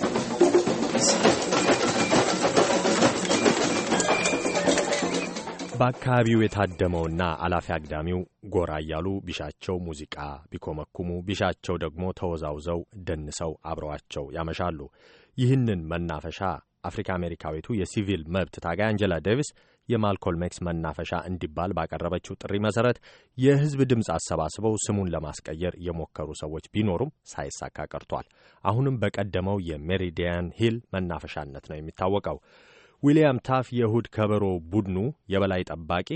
በአካባቢው የታደመውና አላፊ አግዳሚው ጎራ እያሉ ቢሻቸው ሙዚቃ ቢኮመኩሙ፣ ቢሻቸው ደግሞ ተወዛውዘው ደንሰው አብረዋቸው ያመሻሉ። ይህንን መናፈሻ አፍሪካ አሜሪካዊቱ የሲቪል መብት ታጋይ አንጀላ ዴቪስ የማልኮል ኤክስ መናፈሻ እንዲባል ባቀረበችው ጥሪ መሰረት የሕዝብ ድምፅ አሰባስበው ስሙን ለማስቀየር የሞከሩ ሰዎች ቢኖሩም ሳይሳካ ቀርቷል። አሁንም በቀደመው የሜሪዲያን ሂል መናፈሻነት ነው የሚታወቀው። ዊልያም ታፍ የእሁድ ከበሮ ቡድኑ የበላይ ጠባቂ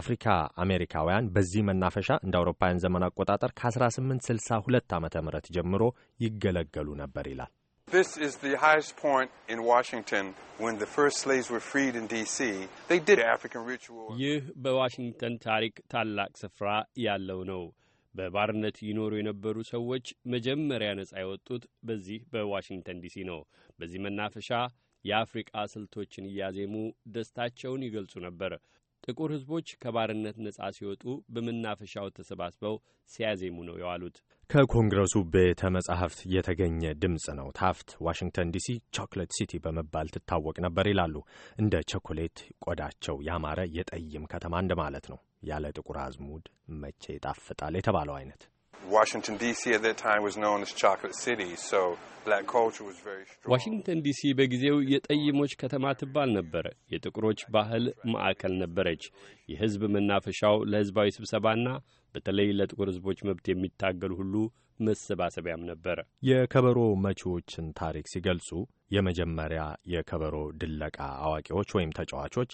አፍሪካ አሜሪካውያን በዚህ መናፈሻ እንደ አውሮፓውያን ዘመን አቆጣጠር ከ1862 ዓ ም ጀምሮ ይገለገሉ ነበር ይላል።
ይህ በዋሽንግተን ታሪክ ታላቅ ስፍራ ያለው ነው። በባርነት ይኖሩ የነበሩ ሰዎች መጀመሪያ ነጻ የወጡት በዚህ በዋሽንግተን ዲሲ ነው። በዚህ መናፈሻ የአፍሪቃ ስልቶችን እያዜሙ ደስታቸውን ይገልጹ ነበር። ጥቁር ሕዝቦች ከባርነት ነጻ ሲወጡ በመናፈሻው ተሰባስበው ሲያዜሙ ነው የዋሉት።
ከኮንግረሱ ቤተ መጻሕፍት የተገኘ ድምፅ ነው። ታፍት ዋሽንግተን ዲሲ ቾክሌት ሲቲ በመባል ትታወቅ ነበር ይላሉ። እንደ ቸኮሌት ቆዳቸው ያማረ የጠይም ከተማ እንደማለት ነው። ያለ ጥቁር አዝሙድ መቼ ይጣፍጣል የተባለው አይነት
ዋሽንግተን
ዲሲ በጊዜው የጠይሞች ከተማ ትባል ነበር። የጥቁሮች ባህል ማዕከል ነበረች። የህዝብ መናፈሻው ለህዝባዊ ስብሰባና በተለይ ለጥቁር ህዝቦች መብት የሚታገል ሁሉ መሰባሰቢያም ነበር።
የከበሮ መቺዎችን ታሪክ ሲገልጹ የመጀመሪያ የከበሮ ድለቃ አዋቂዎች ወይም ተጫዋቾች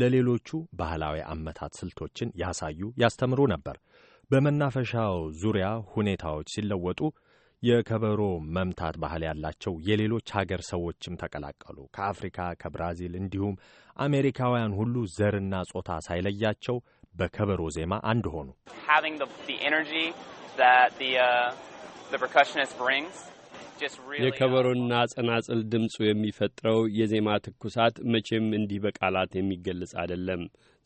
ለሌሎቹ ባህላዊ አመታት ስልቶችን ያሳዩ፣ ያስተምሩ ነበር። በመናፈሻው ዙሪያ ሁኔታዎች ሲለወጡ የከበሮ መምታት ባህል ያላቸው የሌሎች ሀገር ሰዎችም ተቀላቀሉ። ከአፍሪካ፣ ከብራዚል እንዲሁም አሜሪካውያን ሁሉ ዘርና ጾታ ሳይለያቸው
በከበሮ ዜማ አንድ ሆኑ። uh, uh, የከበሮና ጸናጽል ድምፁ የሚፈጥረው የዜማ ትኩሳት መቼም እንዲህ በቃላት የሚገለጽ አይደለም።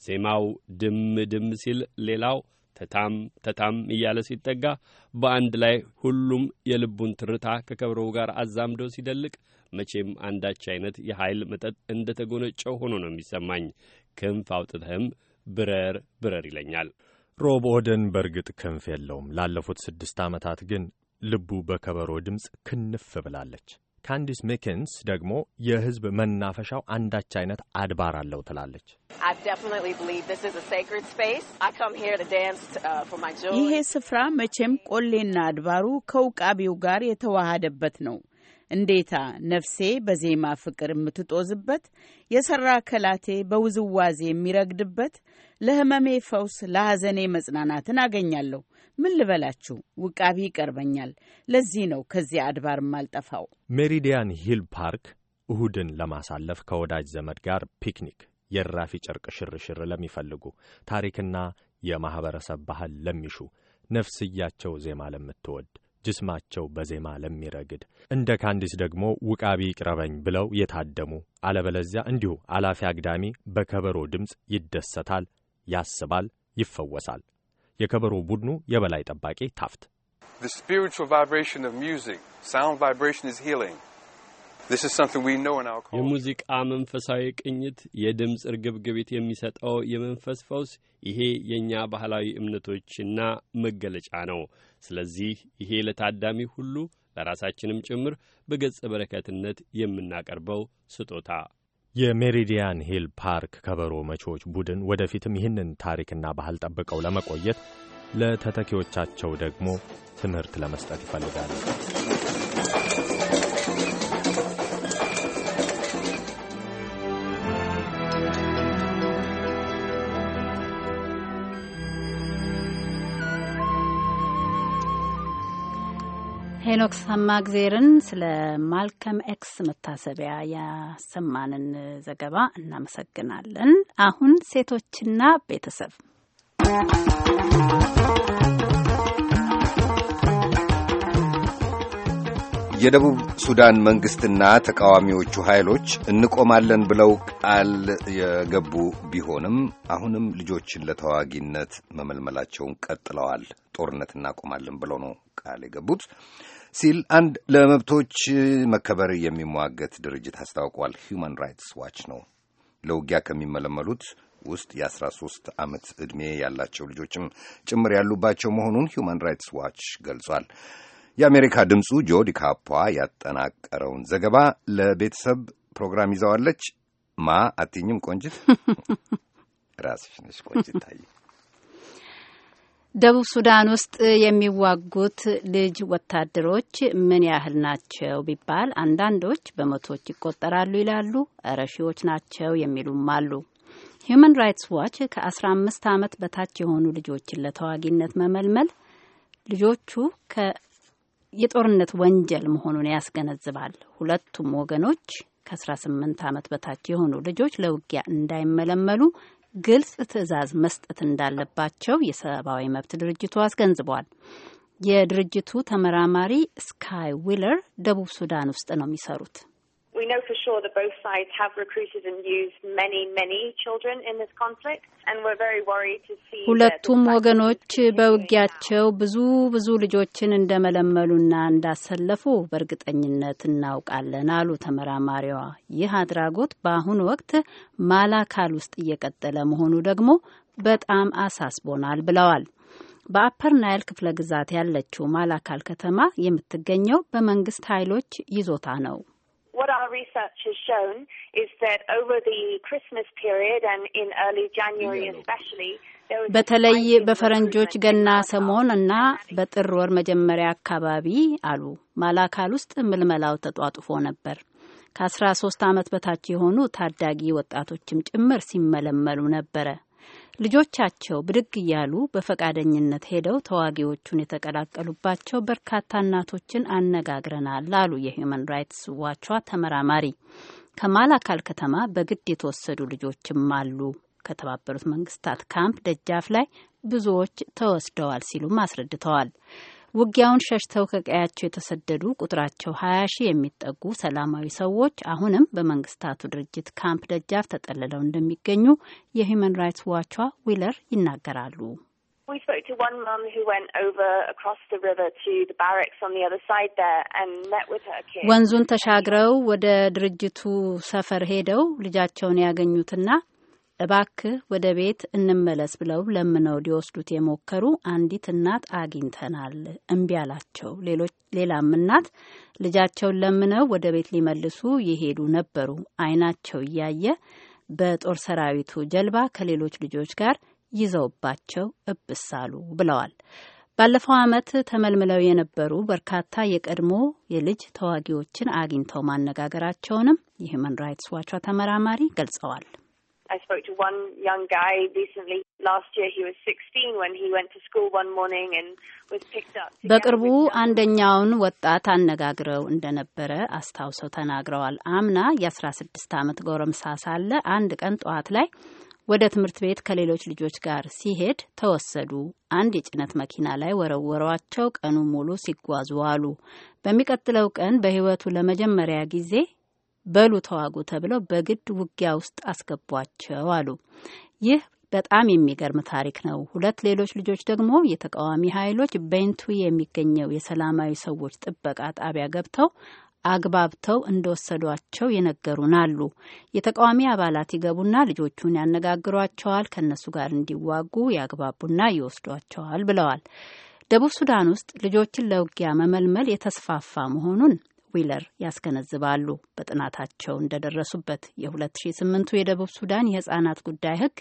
ዜማው ድም ድም ሲል ሌላው ተታም ተታም እያለ ሲጠጋ በአንድ ላይ ሁሉም የልቡን ትርታ ከከበሮው ጋር አዛምዶ ሲደልቅ መቼም አንዳች አይነት የኃይል መጠጥ እንደ ተጎነጨው ሆኖ ነው የሚሰማኝ። ክንፍ አውጥተህም ብረር ብረር ይለኛል።
ሮብ ኦደን በእርግጥ ክንፍ የለውም። ላለፉት ስድስት ዓመታት ግን ልቡ በከበሮ ድምፅ ክንፍ ብላለች። ካንዲስ ሚኪንስ ደግሞ የህዝብ መናፈሻው አንዳች አይነት አድባር አለው ትላለች።
uh, ይሄ ስፍራ መቼም ቆሌና አድባሩ ከውቃቢው ጋር የተዋሃደበት ነው። እንዴታ ነፍሴ በዜማ ፍቅር የምትጦዝበት፣ የሰራ ከላቴ በውዝዋዜ የሚረግድበት ለህመሜ ፈውስ፣ ለሐዘኔ መጽናናትን አገኛለሁ። ምን ልበላችሁ ውቃቢ ይቀርበኛል። ለዚህ ነው ከዚህ አድባር ማልጠፋው።
ሜሪዲያን ሂል ፓርክ እሁድን ለማሳለፍ ከወዳጅ ዘመድ ጋር ፒክኒክ፣ የራፊ ጨርቅ ሽርሽር ለሚፈልጉ፣ ታሪክና የማኅበረሰብ ባህል ለሚሹ፣ ነፍስያቸው ዜማ ለምትወድ፣ ጅስማቸው በዜማ ለሚረግድ፣ እንደ ካንዲስ ደግሞ ውቃቢ ቅረበኝ ብለው የታደሙ አለበለዚያ እንዲሁ አላፊ አግዳሚ በከበሮ ድምፅ ይደሰታል ያስባል፣ ይፈወሳል። የከበሮ ቡድኑ የበላይ ጠባቂ ታፍት
የሙዚቃ መንፈሳዊ ቅኝት የድምፅ ርግብግቢት የሚሰጠው የመንፈስ ፈውስ፣ ይሄ የእኛ ባህላዊ እምነቶችና መገለጫ ነው። ስለዚህ ይሄ ለታዳሚ ሁሉ ለራሳችንም ጭምር በገጸ በረከትነት የምናቀርበው ስጦታ
የሜሪዲያን ሂል ፓርክ ከበሮ መቾች ቡድን ወደፊትም ይህንን ታሪክና ባህል ጠብቀው ለመቆየት ለተተኪዎቻቸው ደግሞ ትምህርት ለመስጠት ይፈልጋል።
ሄኖክ ሰማእግዜርን ስለ ማልከም ኤክስ መታሰቢያ ያሰማንን ዘገባ እናመሰግናለን። አሁን ሴቶችና ቤተሰብ
የደቡብ ሱዳን መንግስትና ተቃዋሚዎቹ ኃይሎች እንቆማለን ብለው ቃል የገቡ ቢሆንም አሁንም ልጆችን ለተዋጊነት መመልመላቸውን ቀጥለዋል። ጦርነት እናቆማለን ብለው ነው ቃል የገቡት። ሲል አንድ ለመብቶች መከበር የሚሟገት ድርጅት አስታውቋል። ሂዩማን ራይትስ ዋች ነው። ለውጊያ ከሚመለመሉት ውስጥ የአስራ ሶስት ዓመት ዕድሜ ያላቸው ልጆችም ጭምር ያሉባቸው መሆኑን ሂዩማን ራይትስ ዋች ገልጿል። የአሜሪካ ድምፁ ጆዲ ካፖ ያጠናቀረውን ዘገባ ለቤተሰብ ፕሮግራም ይዘዋለች። ማ አትኝም ቆንጅት ራስሽ ነሽ
ቆንጅት ታየ
ደቡብ ሱዳን ውስጥ የሚዋጉት ልጅ ወታደሮች ምን ያህል ናቸው ቢባል አንዳንዶች በመቶዎች ይቆጠራሉ ይላሉ። እረ ሺዎች ናቸው የሚሉም አሉ። ሁማን ራይትስ ዋች ከአስራ አምስት ዓመት በታች የሆኑ ልጆችን ለተዋጊነት መመልመል ልጆቹ የጦርነት ወንጀል መሆኑን ያስገነዝባል። ሁለቱም ወገኖች ከ18 ዓመት በታች የሆኑ ልጆች ለውጊያ እንዳይመለመሉ ግልጽ ትዕዛዝ መስጠት እንዳለባቸው የሰብአዊ መብት ድርጅቱ አስገንዝቧል። የድርጅቱ ተመራማሪ ስካይ ዊለር ደቡብ ሱዳን ውስጥ ነው የሚሰሩት።
We know for sure that both sides have recruited and used many, many children in this conflict, and we're very worried to see. ሁለቱም
ወገኖች በውጊያቸው ብዙ ብዙ ልጆችን እንደመለመሉና እንዳሰለፉ በእርግጠኝነት እናውቃለን አሉ ተመራማሪዋ። ይህ አድራጎት በአሁኑ ወቅት ማላካል ውስጥ እየቀጠለ መሆኑ ደግሞ በጣም አሳስቦናል ብለዋል። በአፐር ናይል ክፍለ ግዛት ያለችው ማላካል ከተማ የምትገኘው በመንግስት ኃይሎች ይዞታ ነው።
what our research has shown is that over the Christmas period and in early January especially
በተለይ በፈረንጆች ገና ሰሞን እና በጥር ወር መጀመሪያ አካባቢ አሉ ማላካል ውስጥ ምልመላው ተጧጡፎ ነበር። ከአስራ ሶስት ዓመት በታች የሆኑ ታዳጊ ወጣቶችም ጭምር ሲመለመሉ ነበረ። ልጆቻቸው ብድግ እያሉ በፈቃደኝነት ሄደው ተዋጊዎቹን የተቀላቀሉባቸው በርካታ እናቶችን አነጋግረናል አሉ። የሂዩማን ራይትስ ዋቿ ተመራማሪ ከማላካል ከተማ በግድ የተወሰዱ ልጆችም አሉ። ከተባበሩት መንግስታት ካምፕ ደጃፍ ላይ ብዙዎች ተወስደዋል ሲሉም አስረድተዋል። ውጊያውን ሸሽተው ከቀያቸው የተሰደዱ ቁጥራቸው ሀያ ሺህ የሚጠጉ ሰላማዊ ሰዎች አሁንም በመንግስታቱ ድርጅት ካምፕ ደጃፍ ተጠልለው እንደሚገኙ የሂዩማን ራይትስ ዋቿ ዊለር ይናገራሉ። ወንዙን ተሻግረው ወደ ድርጅቱ ሰፈር ሄደው ልጃቸውን ያገኙትና እባክህ ወደ ቤት እንመለስ ብለው ለምነው ሊወስዱት የሞከሩ አንዲት እናት አግኝተናል። እምቢ አላቸው። ሌላም እናት ልጃቸውን ለምነው ወደ ቤት ሊመልሱ የሄዱ ነበሩ። አይናቸው እያየ በጦር ሰራዊቱ ጀልባ ከሌሎች ልጆች ጋር ይዘውባቸው እብሳሉ ብለዋል። ባለፈው ዓመት ተመልምለው የነበሩ በርካታ የቀድሞ የልጅ ተዋጊዎችን አግኝተው ማነጋገራቸውንም የሁመን ራይትስ ዋቿ ተመራማሪ ገልጸዋል።
I spoke to one young guy recently. Last year he was 16 when he went to school one morning and was picked up. በቅርቡ
አንደኛውን ወጣት አነጋግረው እንደነበረ አስታውሰው ተናግረዋል። አምና የ16 ዓመት ጎረምሳ ሳለ አንድ ቀን ጠዋት ላይ ወደ ትምህርት ቤት ከሌሎች ልጆች ጋር ሲሄድ ተወሰዱ። አንድ የጭነት መኪና ላይ ወረወሯቸው። ቀኑ ሙሉ ሲጓዙ አሉ። በሚቀጥለው ቀን በሕይወቱ ለመጀመሪያ ጊዜ በሉ ተዋጉ ተብለው በግድ ውጊያ ውስጥ አስገቧቸው አሉ። ይህ በጣም የሚገርም ታሪክ ነው። ሁለት ሌሎች ልጆች ደግሞ የተቃዋሚ ኃይሎች ቤንቱ የሚገኘው የሰላማዊ ሰዎች ጥበቃ ጣቢያ ገብተው አግባብተው እንደወሰዷቸው የነገሩን አሉ። የተቃዋሚ አባላት ይገቡና ልጆቹን ያነጋግሯቸዋል፣ ከእነሱ ጋር እንዲዋጉ ያግባቡና ይወስዷቸዋል ብለዋል። ደቡብ ሱዳን ውስጥ ልጆችን ለውጊያ መመልመል የተስፋፋ መሆኑን ዊለር ያስገነዝባሉ። በጥናታቸው እንደደረሱበት የ2008ቱ የደቡብ ሱዳን የህጻናት ጉዳይ ህግ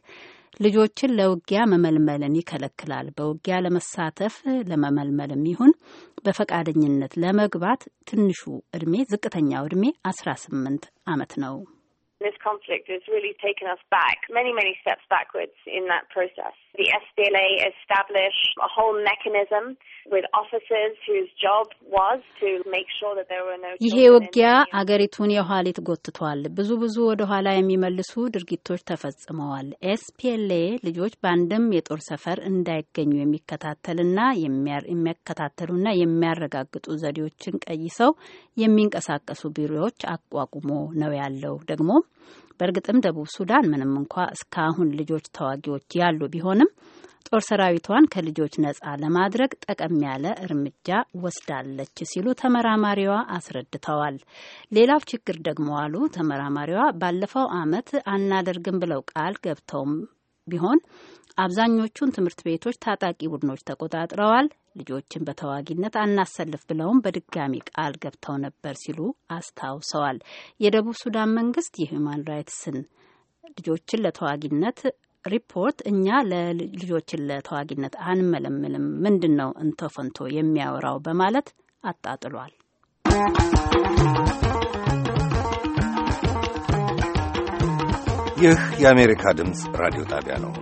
ልጆችን ለውጊያ መመልመልን ይከለክላል። በውጊያ ለመሳተፍ ለመመልመልም ይሁን በፈቃደኝነት ለመግባት ትንሹ እድሜ ዝቅተኛው እድሜ 18 ዓመት ነው።
This conflict has really taken us back, many, many steps backwards in that process. The SDLA established a whole mechanism with officers whose job was to make sure that there were no ይሄ ውጊያ
አገሪቱን የኋሊት ጎትቷል። ብዙ ብዙ ወደ ኋላ የሚመልሱ ድርጊቶች ተፈጽመዋል። ኤስፒኤልኤ ልጆች በአንድም የጦር ሰፈር እንዳይገኙ የሚከታተልና የሚያከታተሉና የሚያረጋግጡ ዘዴዎችን ቀይሰው የሚንቀሳቀሱ ቢሮዎች አቋቁሞ ነው ያለው ደግሞ በእርግጥም ደቡብ ሱዳን ምንም እንኳ እስካሁን ልጆች ተዋጊዎች ያሉ ቢሆንም ጦር ሰራዊቷን ከልጆች ነጻ ለማድረግ ጠቀም ያለ እርምጃ ወስዳለች ሲሉ ተመራማሪዋ አስረድተዋል። ሌላው ችግር ደግሞ አሉ ተመራማሪዋ፣ ባለፈው ዓመት አናደርግም ብለው ቃል ገብተውም ቢሆን አብዛኞቹን ትምህርት ቤቶች ታጣቂ ቡድኖች ተቆጣጥረዋል። ልጆችን በተዋጊነት አናሰልፍ ብለውም በድጋሚ ቃል ገብተው ነበር ሲሉ አስታውሰዋል። የደቡብ ሱዳን መንግስት የሁማን ራይትስን ልጆችን ለተዋጊነት ሪፖርት እኛ ለልጆችን ለተዋጊነት አንመለምልም፣ ምንድን ነው እንተፈንቶ የሚያወራው በማለት አጣጥሏል።
ይህ የአሜሪካ ድምፅ ራዲዮ ጣቢያ ነው።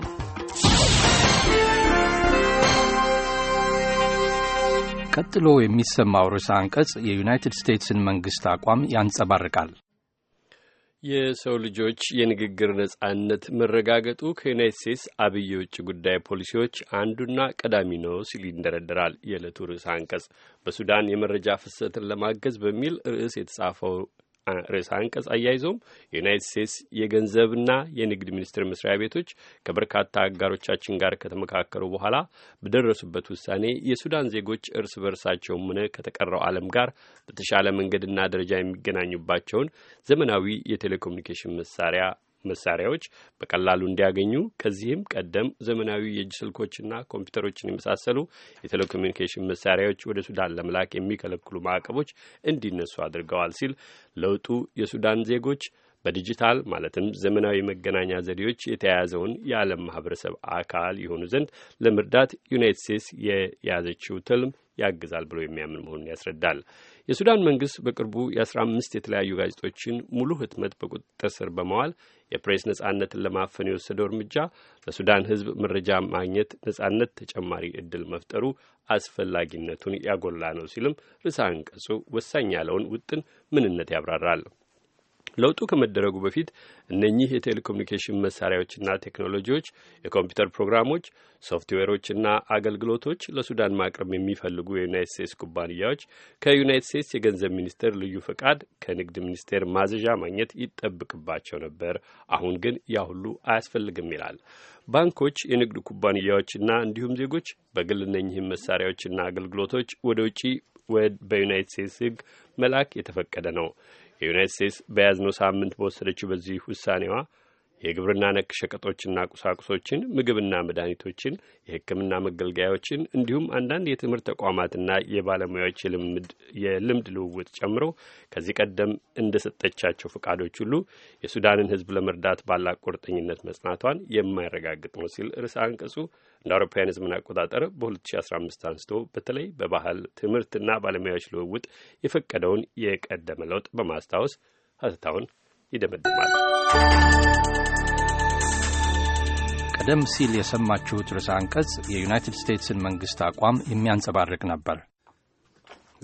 ቀጥሎ የሚሰማው ርዕሰ አንቀጽ የዩናይትድ ስቴትስን መንግሥት አቋም ያንጸባርቃል። የሰው ልጆች የንግግር ነጻነት መረጋገጡ ከዩናይት ስቴትስ አብይ የውጭ ጉዳይ ፖሊሲዎች አንዱና ቀዳሚ ነው ሲል ይንደረደራል የዕለቱ ርዕስ አንቀጽ። በሱዳን የመረጃ ፍሰትን ለማገዝ በሚል ርዕስ የተጻፈው ርዕሰ አንቀጽ አያይዞም የዩናይትድ ስቴትስ የገንዘብና የንግድ ሚኒስቴር መስሪያ ቤቶች ከበርካታ አጋሮቻችን ጋር ከተመካከሩ በኋላ በደረሱበት ውሳኔ የሱዳን ዜጎች እርስ በርሳቸውም ሆነ ከተቀረው ዓለም ጋር በተሻለ መንገድና ደረጃ የሚገናኙባቸውን ዘመናዊ የቴሌኮሙኒኬሽን መሳሪያ መሳሪያዎች በቀላሉ እንዲያገኙ ከዚህም ቀደም ዘመናዊ የእጅ ስልኮችና ኮምፒውተሮችን የመሳሰሉ የቴሌኮሚኒኬሽን መሳሪያዎች ወደ ሱዳን ለመላክ የሚከለክሉ ማዕቀቦች እንዲነሱ አድርገዋል ሲል ለውጡ የሱዳን ዜጎች በዲጂታል ማለትም ዘመናዊ መገናኛ ዘዴዎች የተያያዘውን የዓለም ማህበረሰብ አካል የሆኑ ዘንድ ለመርዳት ዩናይት ስቴትስ የያዘችው ትልም ያግዛል ብሎ የሚያምን መሆኑን ያስረዳል። የሱዳን መንግስት በቅርቡ የአስራ አምስት የተለያዩ ጋዜጦችን ሙሉ ህትመት በቁጥጥር ስር በመዋል የፕሬስ ነጻነትን ለማፈን የወሰደው እርምጃ ለሱዳን ህዝብ መረጃ ማግኘት ነጻነት ተጨማሪ እድል መፍጠሩ አስፈላጊነቱን ያጎላ ነው ሲልም ርዕሰ አንቀጹ ወሳኝ ያለውን ውጥን ምንነት ያብራራል። ለውጡ ከመደረጉ በፊት እነኚህ የቴሌኮሙኒኬሽን መሳሪያዎችና ቴክኖሎጂዎች፣ የኮምፒውተር ፕሮግራሞች፣ ሶፍትዌሮችና አገልግሎቶች ለሱዳን ማቅረብ የሚፈልጉ የዩናይት ስቴትስ ኩባንያዎች ከዩናይት ስቴትስ የገንዘብ ሚኒስቴር ልዩ ፈቃድ ከንግድ ሚኒስቴር ማዘዣ ማግኘት ይጠብቅባቸው ነበር። አሁን ግን ያ ሁሉ አያስፈልግም ይላል። ባንኮች፣ የንግድ ኩባንያዎችና እንዲሁም ዜጎች በግል እነኚህም መሳሪያዎችና አገልግሎቶች ወደ ውጪ በዩናይት ስቴትስ ሕግ መላክ የተፈቀደ ነው። የዩናይት ስቴትስ በያዝነው ሳምንት በወሰደችው በዚህ ውሳኔዋ የግብርና ነክ ሸቀጦችና ቁሳቁሶችን፣ ምግብና መድኃኒቶችን፣ የሕክምና መገልገያዎችን እንዲሁም አንዳንድ የትምህርት ተቋማትና የባለሙያዎች የልምድ ልውውጥ ጨምሮ ከዚህ ቀደም እንደሰጠቻቸው ፈቃዶች ሁሉ የሱዳንን ሕዝብ ለመርዳት ባላት ቁርጠኝነት መጽናቷን የማይረጋግጥ ነው ሲል ርዕሰ አንቀጹ እንደ አውሮፓውያን ህዝብን አቆጣጠር በ2015 አንስቶ በተለይ በባህል ትምህርትና ባለሙያዎች ልውውጥ የፈቀደውን የቀደመ ለውጥ በማስታወስ ሀተታውን ይደመድማል። ቀደም ሲል የሰማችሁት ርዕሰ አንቀጽ የዩናይትድ ስቴትስን መንግሥት አቋም የሚያንጸባርቅ ነበር።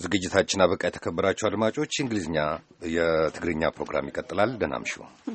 ዝግጅታችን አበቃ። የተከበራችሁ አድማጮች፣ እንግሊዝኛ የትግርኛ ፕሮግራም ይቀጥላል። ደህና እምሹ።